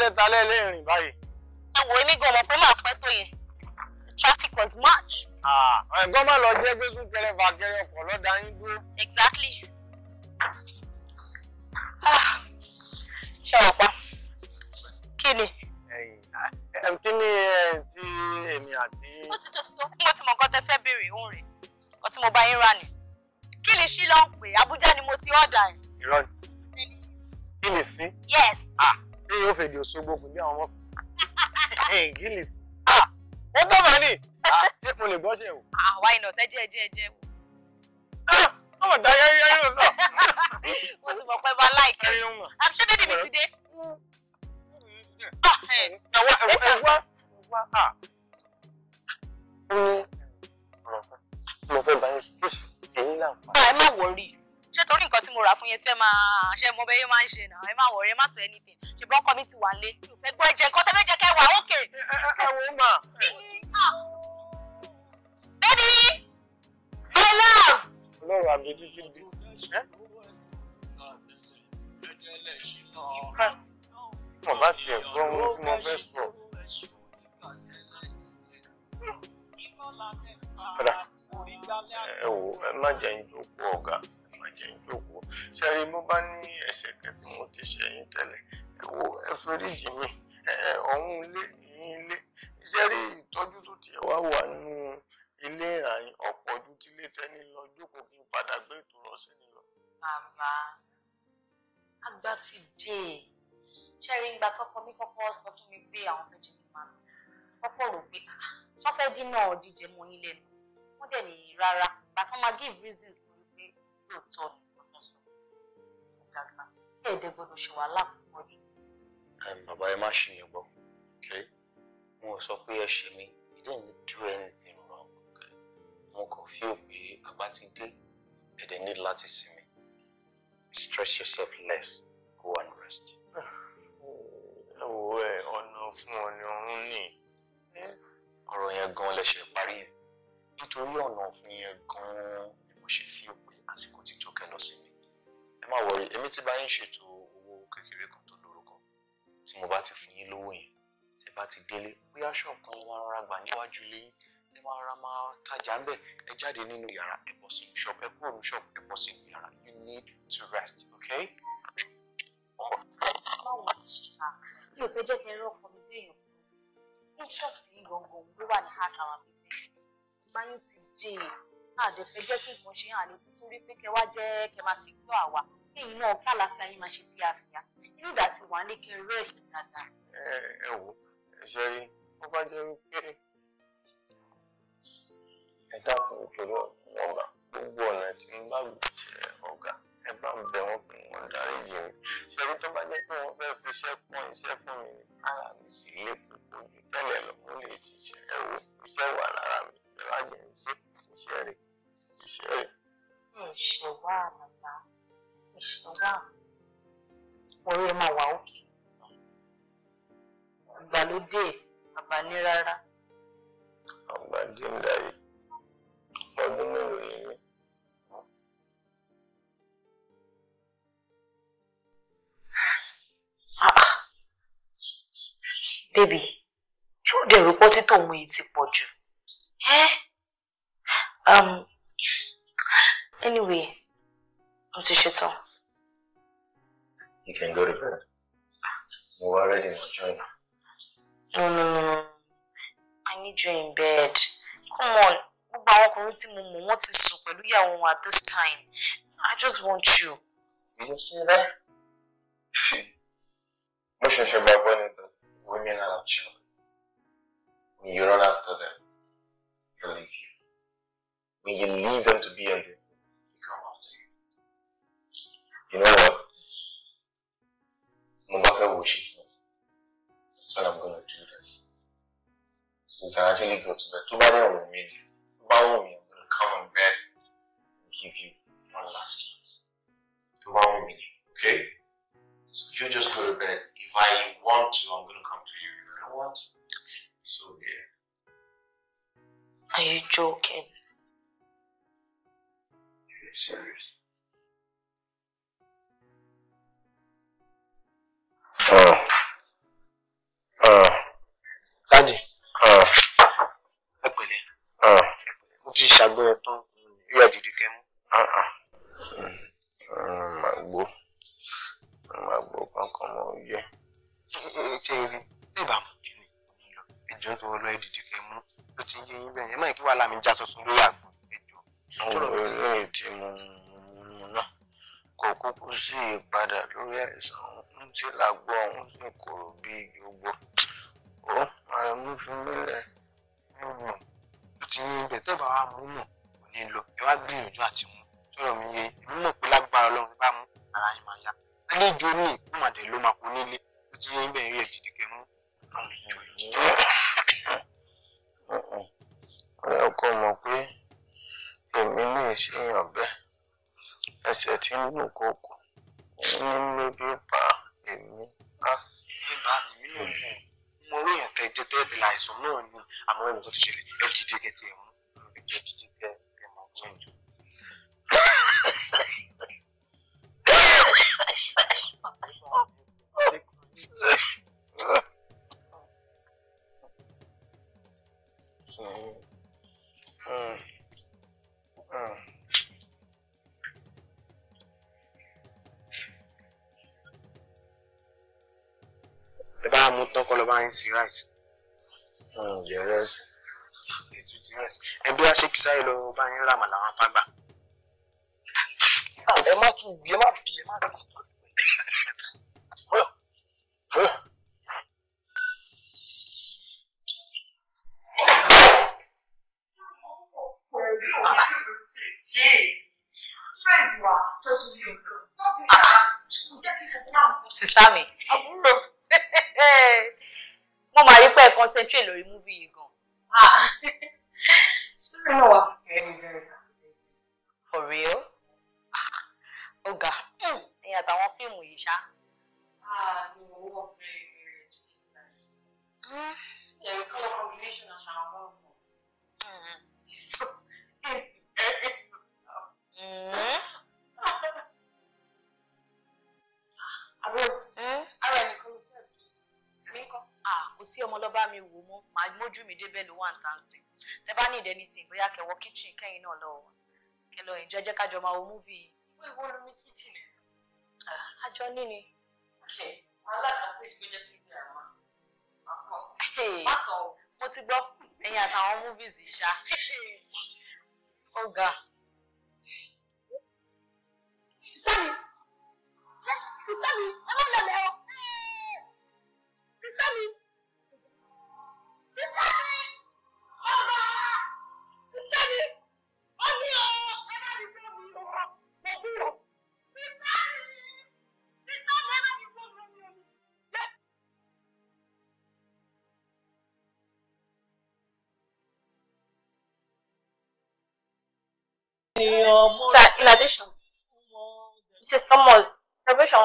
alẹ́ talẹ́ lẹ́rìn báyìí. ẹ wo èmi gan mọ̀ pé màá pẹ́ tó yẹn traffic was much. ẹ̀gbọ́n má lọ jẹ́ pé súnkẹrẹ fàkẹrẹ ọkọ̀ lọ́dà yín dúró. exactly. Ah, ṣé o pa kí ni. kí ni ti èmi àti. ó ti tó ti tó mo ti mọ̀ nǹkan tẹ́ fẹ́ béèrè òun rè ọtí mo bá yín rà ni kí ni sí ló ń pè Abuja ni mo ti ọ̀dà ẹ̀. irọ́ ni kí ni sí. yes. Ah yóò fèdè òṣogbo kò ní àwọn ọmọ gílì ó tọ́ màá nì ṣé mo lè gbọ́ ṣe o. àwa ah, iná tẹ́jẹ́ ẹjẹ́ ẹjẹ́ o. Ah, ọmọ dáyé rí ẹrí òsọ. wọ́n ti mọ̀ pé bá láìpẹ́. àbí ṣé bébì mi ti dé. Ah, ẹ̀wá ẹ̀wá ẹ̀wá mo fẹ́ bá yín ṣèyí láǹfààní. báyìí má wọrí ṣé torí nǹkan tí mo rà fún yẹn ti fẹ́ máa ṣe mo bẹ́ẹ̀ máa ń ṣe náà ẹ má wọ̀ má sọ anything ṣùgbọ́n ọkọ mi ti wà lé ẹ ẹ̀jẹ̀ nǹkan tẹ́fẹ́ jẹ́ kẹ́ ókè. ẹ wo ma. bẹ́ẹ̀ni ah. i love. ọlọ́run àjọ títí bí. mo bá tiẹ̀ gbọ́ ohun tí mo fẹ́ sọ. ẹ wo ẹ má jẹ́ ìjókòó ọ̀gá kí n jókòó ṣẹ́rí mo bá ní ẹ̀ṣẹ̀ kan tí mo ti ṣe yín tẹ́lẹ̀ ẹ wo ẹ foríjì mi ọ̀hún ilé yín ilé ṣẹ́rí ìtọ́jú tó tiẹ̀ wá wà nínú ilé àyìn ọ̀pọ̀ ojú tí ilé tẹ́ni lọ jókòó kí n padà gbé ìtura sí ni lọ. bàbá àgbà ti dé ṣẹ́rí ìgbà tọkọ mi kọ́kọ́ sọ fún mi pé àwọn méjì mi máa ń kọ́kọ́ rò pé sọ́fẹ́ ah, dínà dídẹ mọ́ yín lẹ́nu wọ́n dẹ̀ ní rárá bàtà máa give reasons lóòótọ́ ni kò tó sọ ti dàgbà ẹ̀ẹ́dẹ́ gbọ́dọ̀ ṣe wà lápapọ̀ jù. bàbá ẹ má ṣì mí gbọ́ mo sọ pé ẹ ṣe mi you don't need do anything wrong mo kàn fi hàn àgbà ti dé ẹ̀dẹ̀ ní láti sinmi stress yourself less go and rest. ẹ wo ẹ ọ̀nà fún ọ̀nà ọ̀run ni ọ̀rọ̀ yẹn gan-an lẹ ṣe parí ẹ̀ nítorí ọ̀nà fún yẹn gan-an ni mo ṣe fi hàn àsìkò tí Jọkẹ́ lọ sí mi ẹ má wọrí èmi ti bá yín ṣètò owó kékeré kan tó lórúkọ tí mo bá ti fún yín lówó yẹn tí bá ti délé bóyá ṣọ̀ọ̀bù kan máa rọra gbà níwájú lẹ́yìn ẹ máa rọra máa tajà ń bẹ̀ ẹ jáde nínú yàrá ẹ bọ̀ sínú ṣọ́ọ̀bù kúrò ní ṣọ́ọ̀bù ẹ bọ̀ sínú yàrá you need to rest okay. báwo ni ṣá mi ò fẹ́ jẹ́ kí ẹ rọ́ọ̀kọ́ mi bí èèyàn kú interest yìí gbọ̀ngàn ló wà ní heart our business báyìí ti dé àdẹ̀fẹ́ jẹ́ kí nǹkan ṣe hàn lè títún rí pé kẹwàá jẹ́ kẹ máa sì kí àwa kéyìn náà kí àlàáfíà yín máa ṣe fíafíà inú ìdá ti wà ní kẹ rest dada. ẹ ẹ wo ẹ ṣe rí bó bá jẹ́ wípé ẹ dákun ìṣòro ọ̀gá gbogbo ọ̀nà tí ń bá gbèsè ọ̀gá ẹ bá bẹ̀ wọ́n pé wọ́n dáríjì mi ṣẹ́rí tó bá jẹ́ pé wọ́n fẹ́ẹ́ fi iṣẹ́ pọ́n iṣẹ́ fún mi ni ara mi sì lè kókó ju tẹ́lẹ̀ lọ mo lè ṣiṣẹ́ ẹ wo iṣẹ́ wà lára mi ìrọ̀lẹ́ iṣẹ́ iṣẹ́ rẹ̀ iṣẹ́ rẹ̀. ẹ̀ṣẹ̀ wà bàbá ẹ̀ṣẹ̀ wà orí ẹ̀ máa wà òkè ìgbàlódé bàbá ní rárá. àgbà díẹ̀ ń dáyé ọdún mélòó ni mí. bébì ṣó dẹ̀ rò pọ́títọ̀ òun Anyway, I'm mo ti ṣetán. You can go to bed. We're already mo join. No, no, no, no. I need you in bed. Come on. Gbogbo àwọn ọkùnrin tí mo mọ̀ wọ́n ti sùn pẹ̀lú sun at this time. I just want you. Did You see that? Mo ṣẹ̀ṣẹ̀ gbàgbọ́ ni the women are children. When you run after them, they leave you. When you leave them to be alone, 그렇지만 조만한 국민 àìsàn oúnjẹ làgbọ òun sì kòrò bíi gbogbo ó àrùn fi mílẹ̀ ó ti yín ibẹ̀ tẹ́ bá wà mú mọ̀ kò ní lọ ẹ wá gbìyànjú àti mú sọ̀rọ̀ mi yé èmi mọ̀ pé lágbára ọlọ́run bá mú ara yín máa yá àlejò ní ìkúmọ̀dé ló máa kó nílé ó ti yín ibẹ̀ yẹ dídí kẹ mú ọ̀rẹ́ ọkọ mọ̀ pé èmi náà ṣèyàn bẹ́ẹ̀ ẹsẹ̀ tí ń gùn kó nǹkan tó ṣẹlẹ̀ ẹ dìde kẹtì ẹ̀ mú ẹ dìde kẹ ẹ máa mú ẹ̀ jù. ẹ bá mú tán kọ́ lọ́ bá ń sin rice. Mm, yes ẹbí wa ṣe kí sáyé lọ bá yín ràmà làwọn afá gbà. Ah, ẹ má tún bí ẹ má bí ẹ má bí. Sísá mi, àbúrò, mo máa rí pé ẹ concentrate lórí múbí yìí gan. Ah, and dancing tẹ need anything But bóyá kẹwọ kitchen kẹyìn náà lọ kẹ lọ enjoy jẹ kájọ máa wo movie yìí. ìwé ìwọ ló ní kitchen ẹ. Ah, àjọ ní ni. alákàtúntì ló to kí n jẹ àwọn àkọsí. bàtọ̀ mo What's up? ẹ̀yìn Yeah, movies yìí ṣá. Oh God.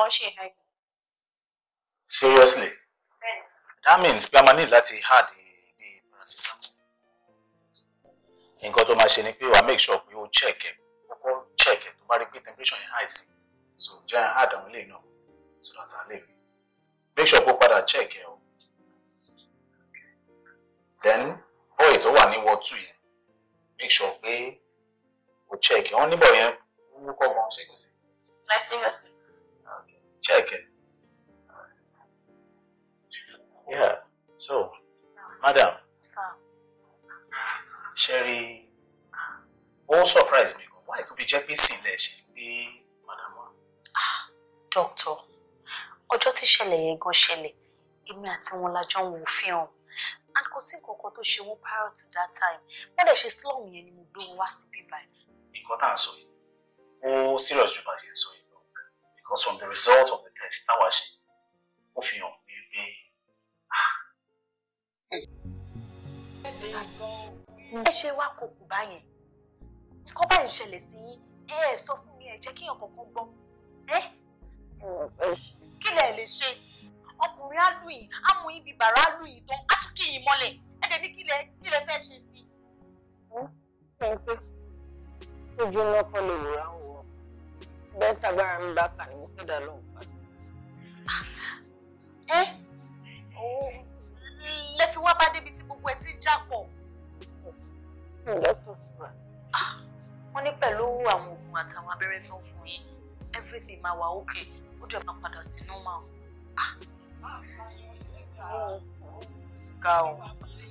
ṣe ìdájọ́. seriously that means pé a máa ní láti hard bí paracetamol. nǹkan tó máa ṣe ni pé wàá make sure pé o check ẹ kókó check ẹ tó bá rí pé temperature yẹn high sí so jẹ́ hard àwọn eléyìí náà so that a lè rí make sure kó padà check ẹ o. then boy tó wà ní ward two yẹn make sure pé o check ẹ wọ́n níbọ̀ yẹn wúkọ́ gan ṣe kò sí. my seriously check it. Yeah. So, madam. Sir. Sherry, ó ń surprise mi Why tó fi jẹ́ pé sílẹ̀ ṣe pé madam Ah, Doctor, ọjọ́ tí ṣẹlẹ̀ yẹn gan ṣẹlẹ̀, èmi àti wọn lájọ ń wo fíìmù. And kò sí nǹkan kan tó ṣe prior to that time. Wọ́n dẹ̀ ṣe slum yẹn ni mo gbé wọn wá síbí by? Nǹkan tá à ń sọ serious ju bá ṣe ń because from the result of the test táwa was. ó fi hàn mí pé. Ah. ẹ ṣe wá kókò báyẹn kọ́ báyìí ṣẹlẹ̀ sí yín ẹ ẹ sọ fún mi ẹ jẹ́ kéèyàn kankan gbọ́ ẹ kí lẹ̀ lè ṣe ọkùnrin á lù yín á mú ibi bàrà á lù yín tán á tún kí yín mọ́lẹ̀ ẹ dẹ̀ ní kí lẹ̀ kí lẹ̀ fẹ́ ṣe sí. ojú ọlọ́pàá lè wúra o bẹ́ẹ̀ tagbára mi bá kà ní mo fẹ́ dà lóhùn padà. ẹ lẹ fi wá bá débi tí gbogbo ẹ ti ń jápọ̀. Ah, wọ́n ní pẹ̀lú àwọn oògùn àtàwọn abẹ́rẹ́ tó ń fún yín everything máa wà ókè ó dẹ̀ máa padà sí normal. Ah. ga o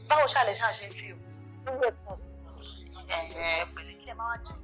báwo ṣàlẹ̀ ṣàṣe fi o. ẹ ẹ pẹ̀lẹ́ kí lè máa wá jẹun.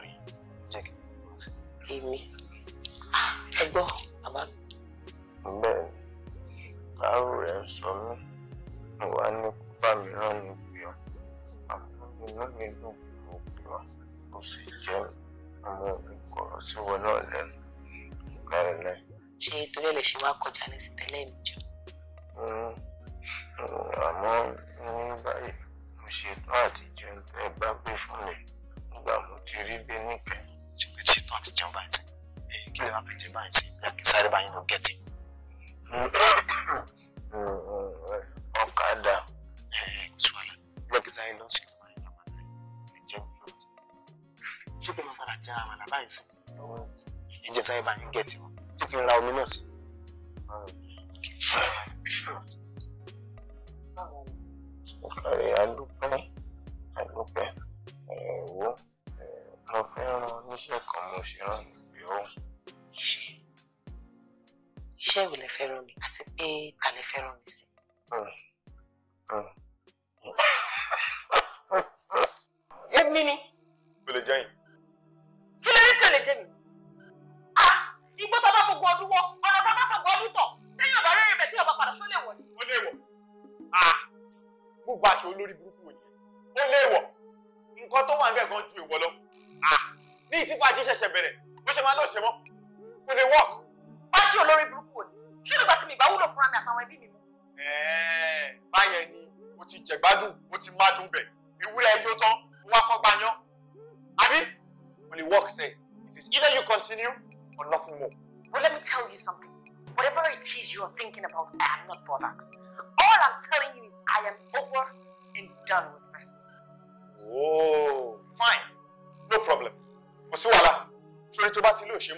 dẹ̀ ṣe wá kọjá ní sí tẹ́lẹ̀ mi jù thinking about I am not bothered. All I'm telling you is I am over and done with this. Oh, fine. No problem. Osiwala, sí to Ṣorí tó bá ti lè ṣe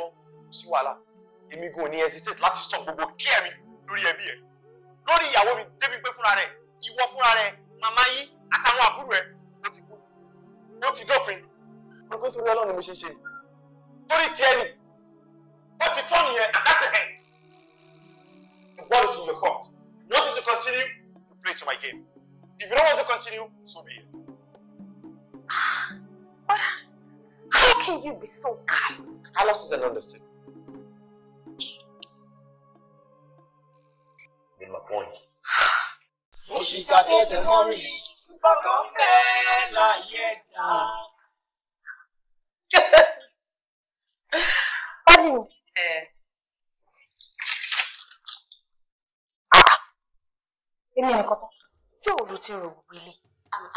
ni hesitate lati stop gbogbo kí ẹ̀mí lórí ẹbí ẹ̀. Lórí ìyàwó mi débi pé fúnra rẹ̀, ìwọ fúnra rẹ̀, màmá yín àtàwọn àbúrò ẹ̀ ló ti kú. Ó ti dópin. Gbogbo tó lọ́nà ni mo ṣe ń ṣe. Torí ti ẹni, ó ti tọ́ nìyẹn àtàtẹ̀hẹ̀. What is in your heart? If you want it to continue, you play to my game. If you don't want to continue, so be it. But how can you be so callous? Callous is an understatement. In my point. òṣìkà tẹsẹ̀ èmi ẹ̀kọ́ tó. ṣé òòlù ti rò gbogbo ilé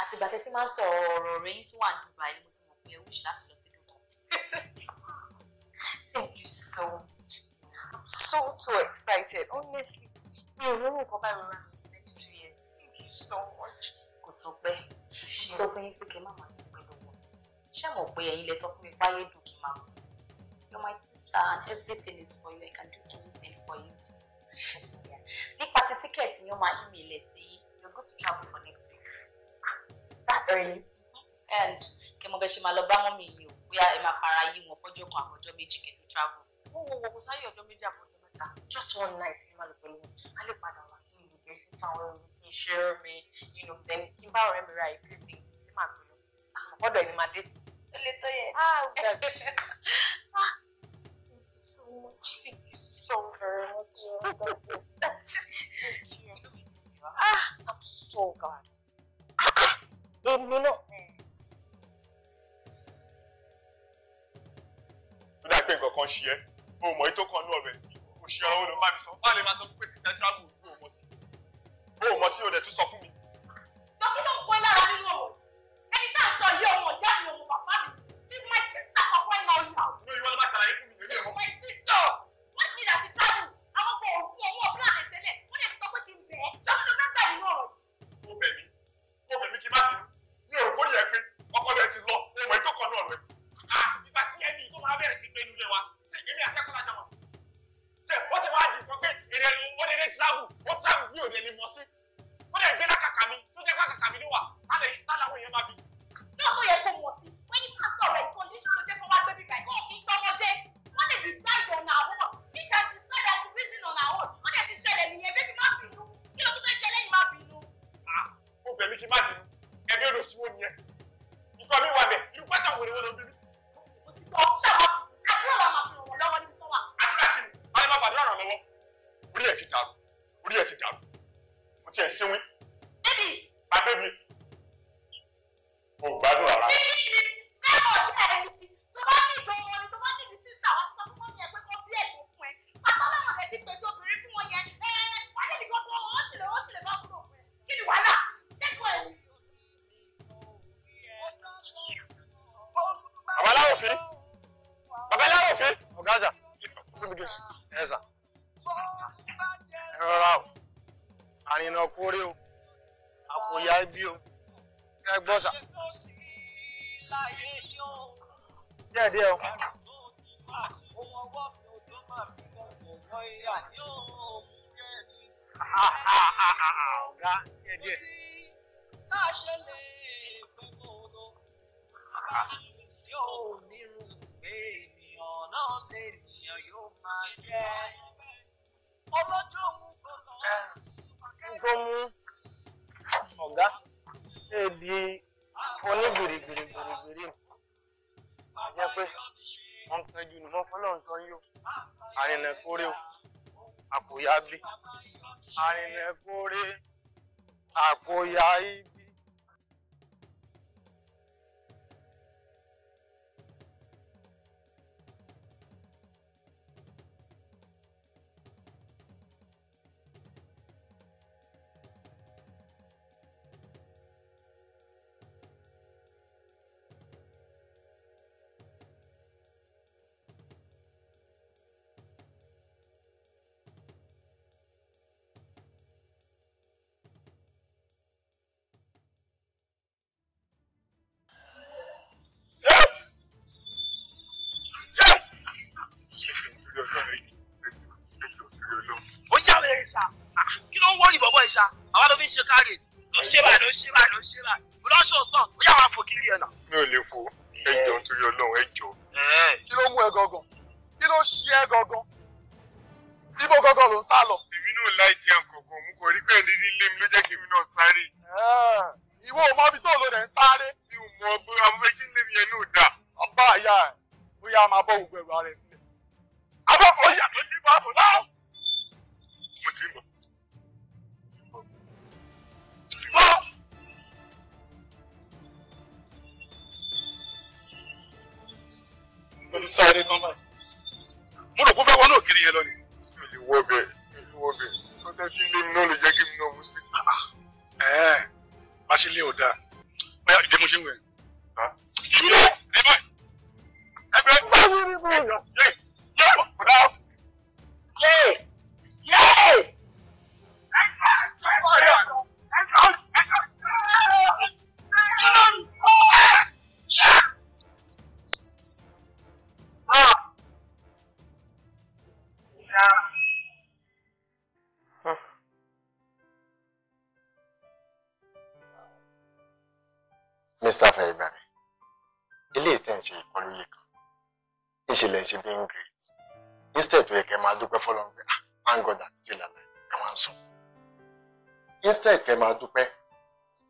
àti bàtẹ́ tí máa ń sọ ọ̀rọ̀ rẹ yín tó wà ní Dubai mo ti mọ̀ pé ẹ wíṣì láti lọ sí Dubai. Thank you so much I'm so so excited honestly mi ò lórí nǹkan báyìí rárá in the next two years thank you so much. kò tó pẹ́ sọ pé yín pé kẹ́ má máa dúpẹ́ lọ́wọ́ ṣé mo pé ẹ̀yin lẹ sọ fún mi báyé dùn kí n máa mú You're my sister and everything is for you I can do anything for you nípa ti tíkẹ́ẹ̀tì yóò máa email ẹ̀ sí you're good to travel for next week that early mm-hmm. and kí mo bẹ ṣe máa lọ bá mọ́mì yìí o bóyá ẹ máa fara yí wọn kọjọ́ kan àbọ̀jọ́ méjì kẹ́ tó travel wọ́n wọ wọ́n kò sáyé ọjọ́ méjì àbọ̀jọ́ mẹ́ta just one night ẹ máa lọ pẹ̀lú mi a lè padà wá kí n bẹ̀rẹ̀ sí fún àwọn iṣẹ́ mi you know then kí n bá ọ̀rẹ́ mi ra a few things tí màá pè lọ ọ̀dọ̀ ẹ̀ ni màá dé sí. ó lè tó yẹ. ah ó ah thank you so much sober. ah, I'm so glad. Èmi náà. Ó dá pé nǹkan kan ṣe ẹ́, o mọ̀ ètò my ní ọ̀rẹ́, o ṣe ọ̀rọ̀ olùbá mi sọ, wọ́n lè máa sọ fún pé sí central bull, o mọ̀ sí. O mọ̀ sí o dẹ̀ tún sọ fún mi. Jọ́kí ló ń kó ẹ lára nínú ọ̀rọ̀. arìnà kórè àkóyá bí arìnà kórè àkóyá ibi. níṣẹ̀lẹ̀ ṣe bí ń great instead rẹ̀ kẹ́ máa dúpẹ́ fọlọ́run pé ah thank God I'm still alive ẹ̀ wá ń sọ instead kẹ́ máa dúpẹ́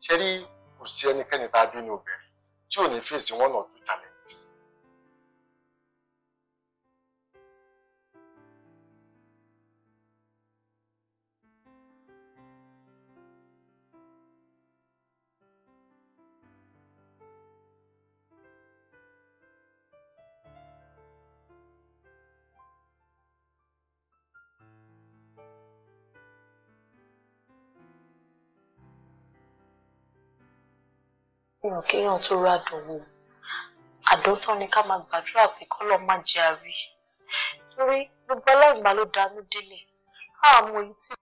ṣe rí kò sí ẹnikẹ́ni tá a bí ní obìnrin tí ò ní fèsì one or two challenges èèyàn kéèyàn tó rà dùnwò àdótán ni ká máa gbàdúrà pé kọ́lọ́ má jẹ́ àrí lórí gbogbo aláìgbà ló dánú délẹ̀ káà mọ èyí tí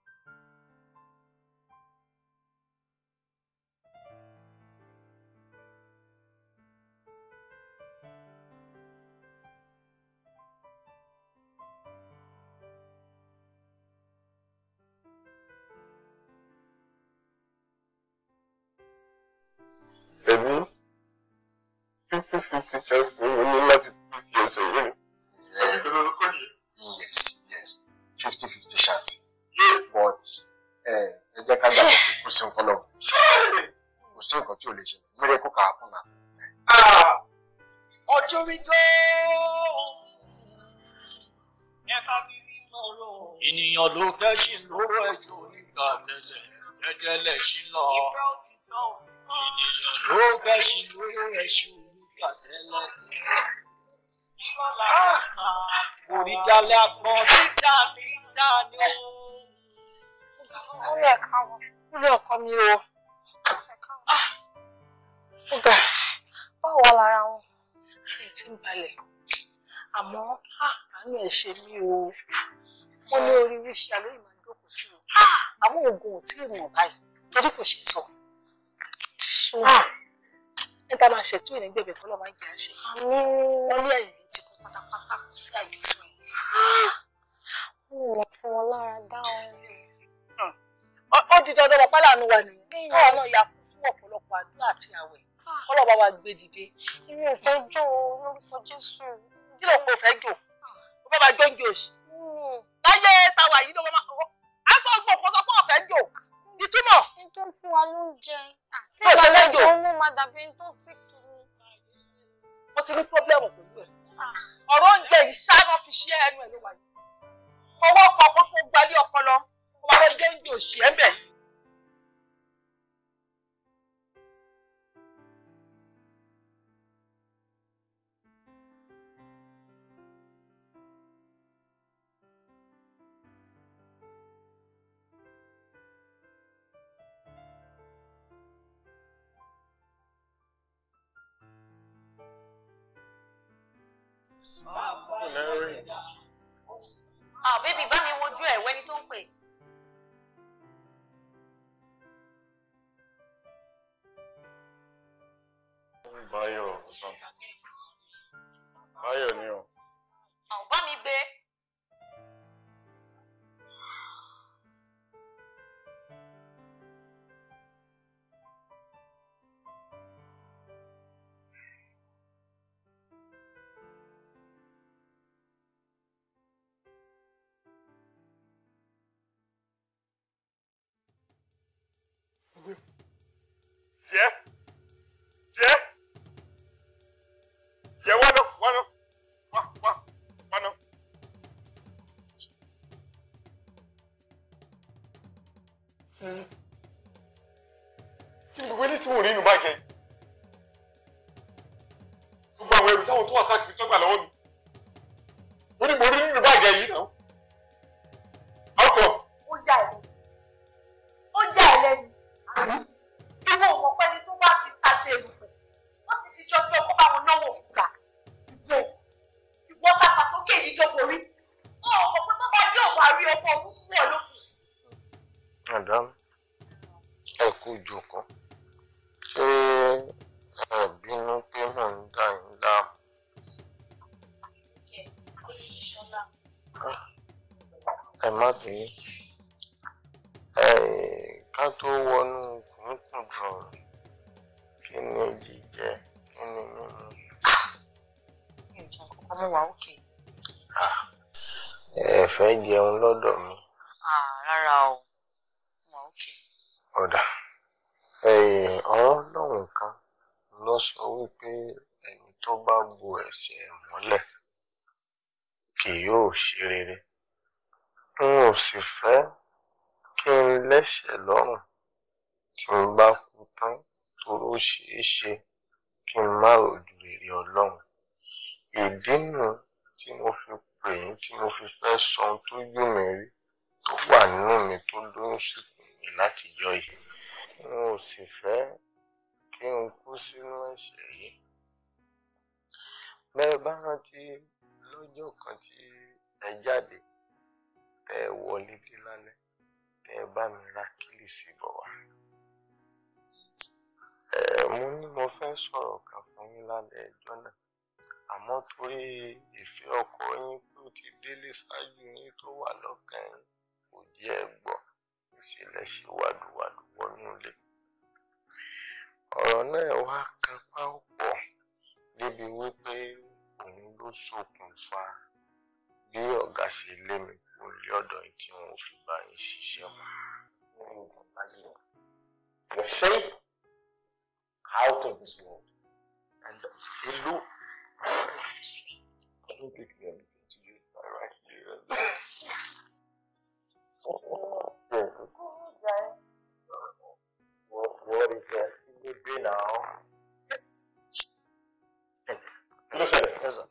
just ní láti fi ẹsẹ̀ yìí ni. yes yes fifty fifty chance but eh, jẹ́ ká gbàgbọ́ pé kò sí nǹkan lọ kò sí nǹkan tí ò lè ṣe mẹ́rẹ̀ kó kà á kùnà. Ah! ọjọ́ mi tó ẹ ká bí mímọ́ lọ. ènìyàn ló fẹ́ ṣì ń lóró ẹ̀jọ̀ nígbà tẹ́lẹ̀ tẹ́tẹ́lẹ̀ ṣì lọ. ènìyàn ló fẹ́ ṣì ń lóró Oríjàlẹ̀ àgbọn títa ní ìta ni ẹ̀ka wọ̀, ilé ọkọ mi wọ̀. Ó báwo lára wọn? Ààrẹ ti ń balẹ̀. Àmọ́ àánú ẹ̀ ṣe mí o. Wọ́n ní orí wíṣẹ́ alóyè máa jókòó sí i. Àwọn oògùn ò tí ì mọ̀ báyìí torí kò ṣe sọ ẹ tá máa ṣètú ìní gbèbè kọ́ lọ́ọ́ máa jẹ́ àṣẹ. wọ́n ní ẹ̀yìn ti kú pátápátá kò sí àjọsọ yìí. mo wọ̀ fún wọn lára dá hmm. ọ. ó di dandan wọn pálánù wa nìyí káwọn náà ya kú fún ọ̀pọ̀lọpọ̀ àdúrà àti àwẹ̀ ah. kọ́lọ́ọ̀ bá wa gbé dìde. èmi ò fẹ́ jó Jésù. kí ló ń pò fẹ́ jò ó ah. fẹ́ bá jọ́ jò sí. láyé táwa yìí ló máa ìtumọ̀. ẹni tó ń fún wa lóúnjẹ ah, tí ìwà lẹ́jọ́ ó mú ma dàbí ẹni tó sì kì í. mo ti ní pọ́blẹ́mù pẹ̀lú ẹ̀ ah. ọ̀rọ̀ oúnjẹ yìí ṣáná fi ṣe ẹnu ẹ̀ ló wà yìí fọwọ́ kan kó tó gbalé ọpọlọ kó wá lọ jẹ́ oúnjẹ òṣì ẹ̀ bẹ̀. Mary. Ah, baby, bá mi wojú ẹ̀ wẹ́ni tó ń pè. Báyọ̀ Báyọ̀ ni o. Àwọn ah, bá mi gbé. ṣe kí n má rojú rere ọlọ́run ìdínú tí mo fi pè yín tí mo fi fẹ́ sọ ohun tó yó mi rí tó wà nínú mi tó lóyún síkùn mi láti yọ yìí n ò sì fẹ́ kí n kú sínú ẹ̀ṣẹ̀ yìí bẹ́ẹ̀ bá rántí lọ́jọ́ kan tí ẹ jáde tẹ́ ẹ wọlé dé lálẹ́ tẹ́ ẹ bá mi ra kílìsì bọ̀ wá mo ní mo fẹ́ sọ̀rọ̀ kan fún yín lálẹ́ ẹjọ́ náà àmọ́ torí ìfẹ́ ọkọ yín pé ó ti délé ṣáájú yín tó wà lọ́kàn yín kò jẹ́ ẹ gbọ́ ìṣẹ̀lẹ̀ ṣe wàdùwàdù wọnú ilé ọ̀rọ̀ náà wá kápá pọ̀ débi wípé òun ló ṣokùnfà bí ọ̀gá ṣe lé mi kúrò lé ọ̀dọ̀ yìí kí n fi bá yín ṣiṣẹ́ mọ́. ṣé out of this world. And he'll do. I think it will be everything to you directly. What, what is that? It will be now. Hello, sir. Yes, sir.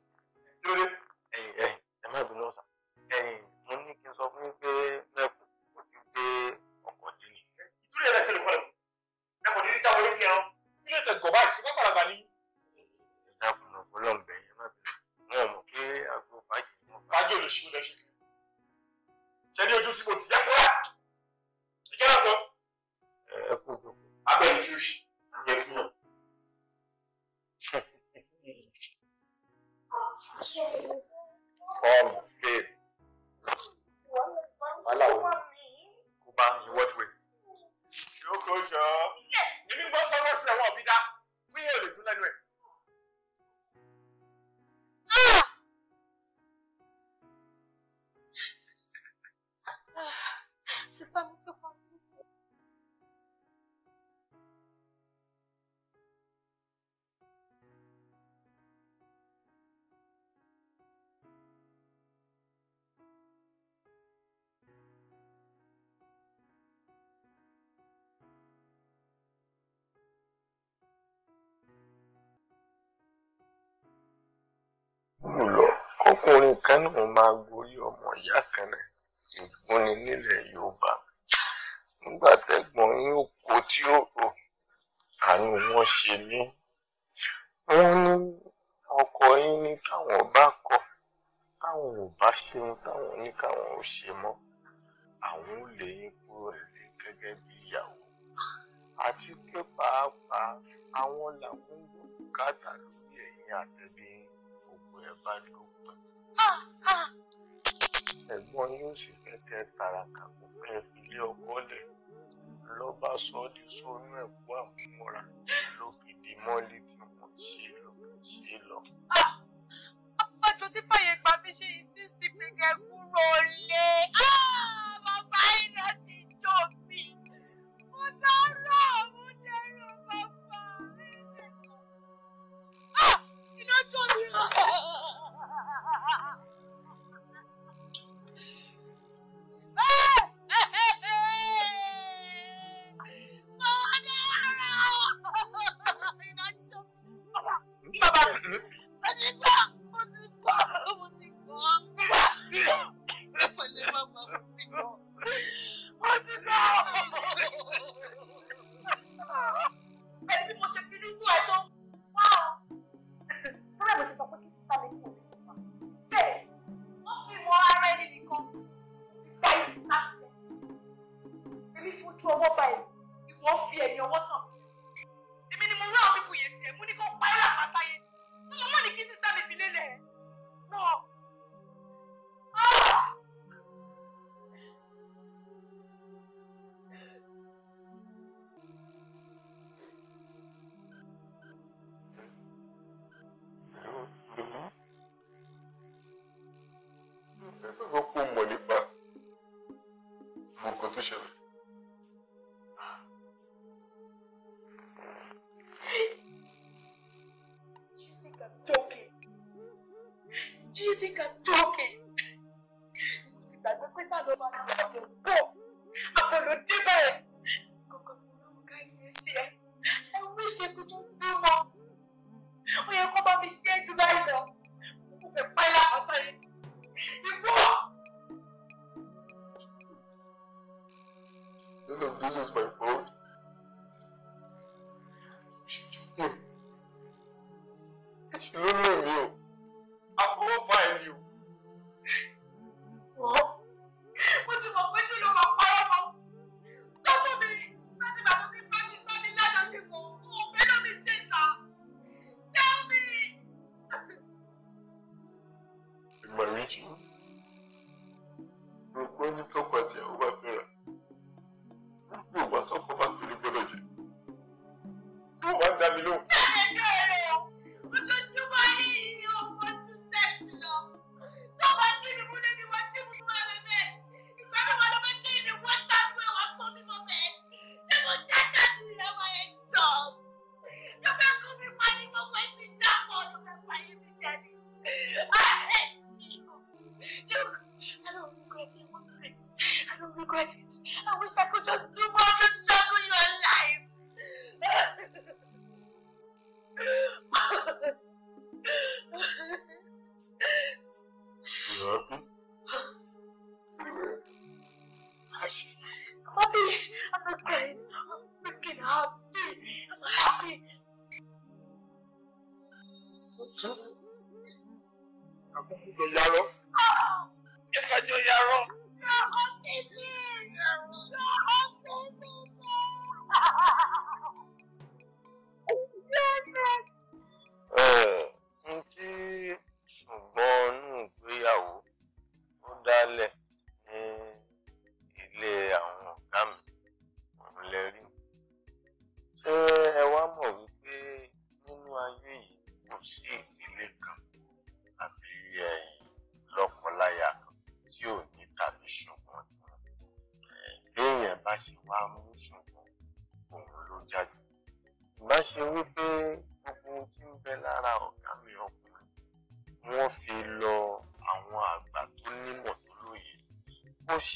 Hey, hey. Am I sir? discussion. ọkùnrin kan náà máa gorí ọmọ ìyá kan náà ìgbóni nílẹ̀ Yorùbá nígbà tẹ́gbọ́n yín oko tí ó rò àánú wọn ṣe mí wọ́n ní ọkọ yín ní káwọn bá kọ̀ káwọn ò bá ṣe ohun táwọn ní káwọn ò ṣe mọ́ àwọn ò lè yín kúrò nílé gẹ́gẹ́ bí ìyàwó àti pé pàápàá àwọn làwọn ń gbọ́ bùkátà lórí ẹ̀yìn àtẹ̀bí yín gbogbo ẹ bá dópin. ẹ̀gbọ́n yóò sì kẹ́kẹ́ tàràkà kó kẹ́ ilé ọkọ lẹ̀ lọ́ba sọ ọ́ di sóònù ẹ̀kú àmúmọ́ra ló fi di mọ́lẹ̀ tí mo ṣe lọ ṣe lọ. ọjọ́ tí fàyè gba mi ṣe ìsísì pé kẹ́ kúrò lé bàbá iná ti jó mi mo dárò. Sure.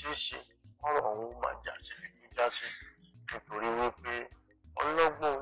ṣeé kọ́rọ̀ ọ̀hún máa já sí ibi tó nítorí wípé ọlọ́gbọ́n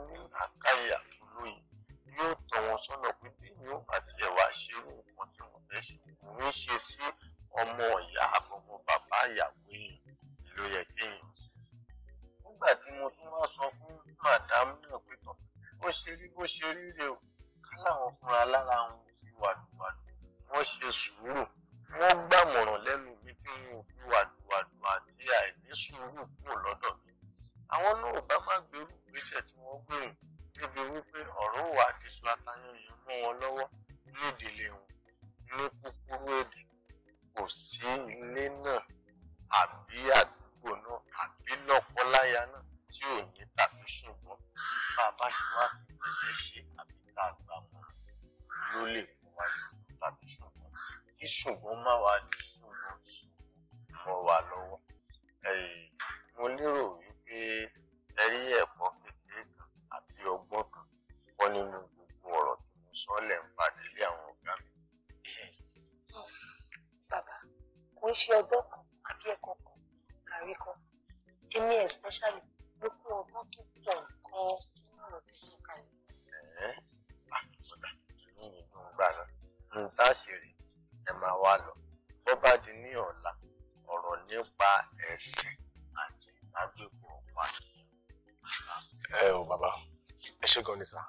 ẹ̀sìn àti lágbègbè ọ̀pọ̀ àṣìyàn. ẹ ò bàbá ẹ ṣe gan ni sá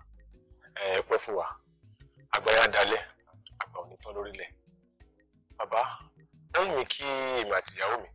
ẹ pẹ́ fún wa àgbáyà dalẹ̀ àgbà ò ní tán lórílẹ̀ bàbá mi kí èmi àtìyàwó mi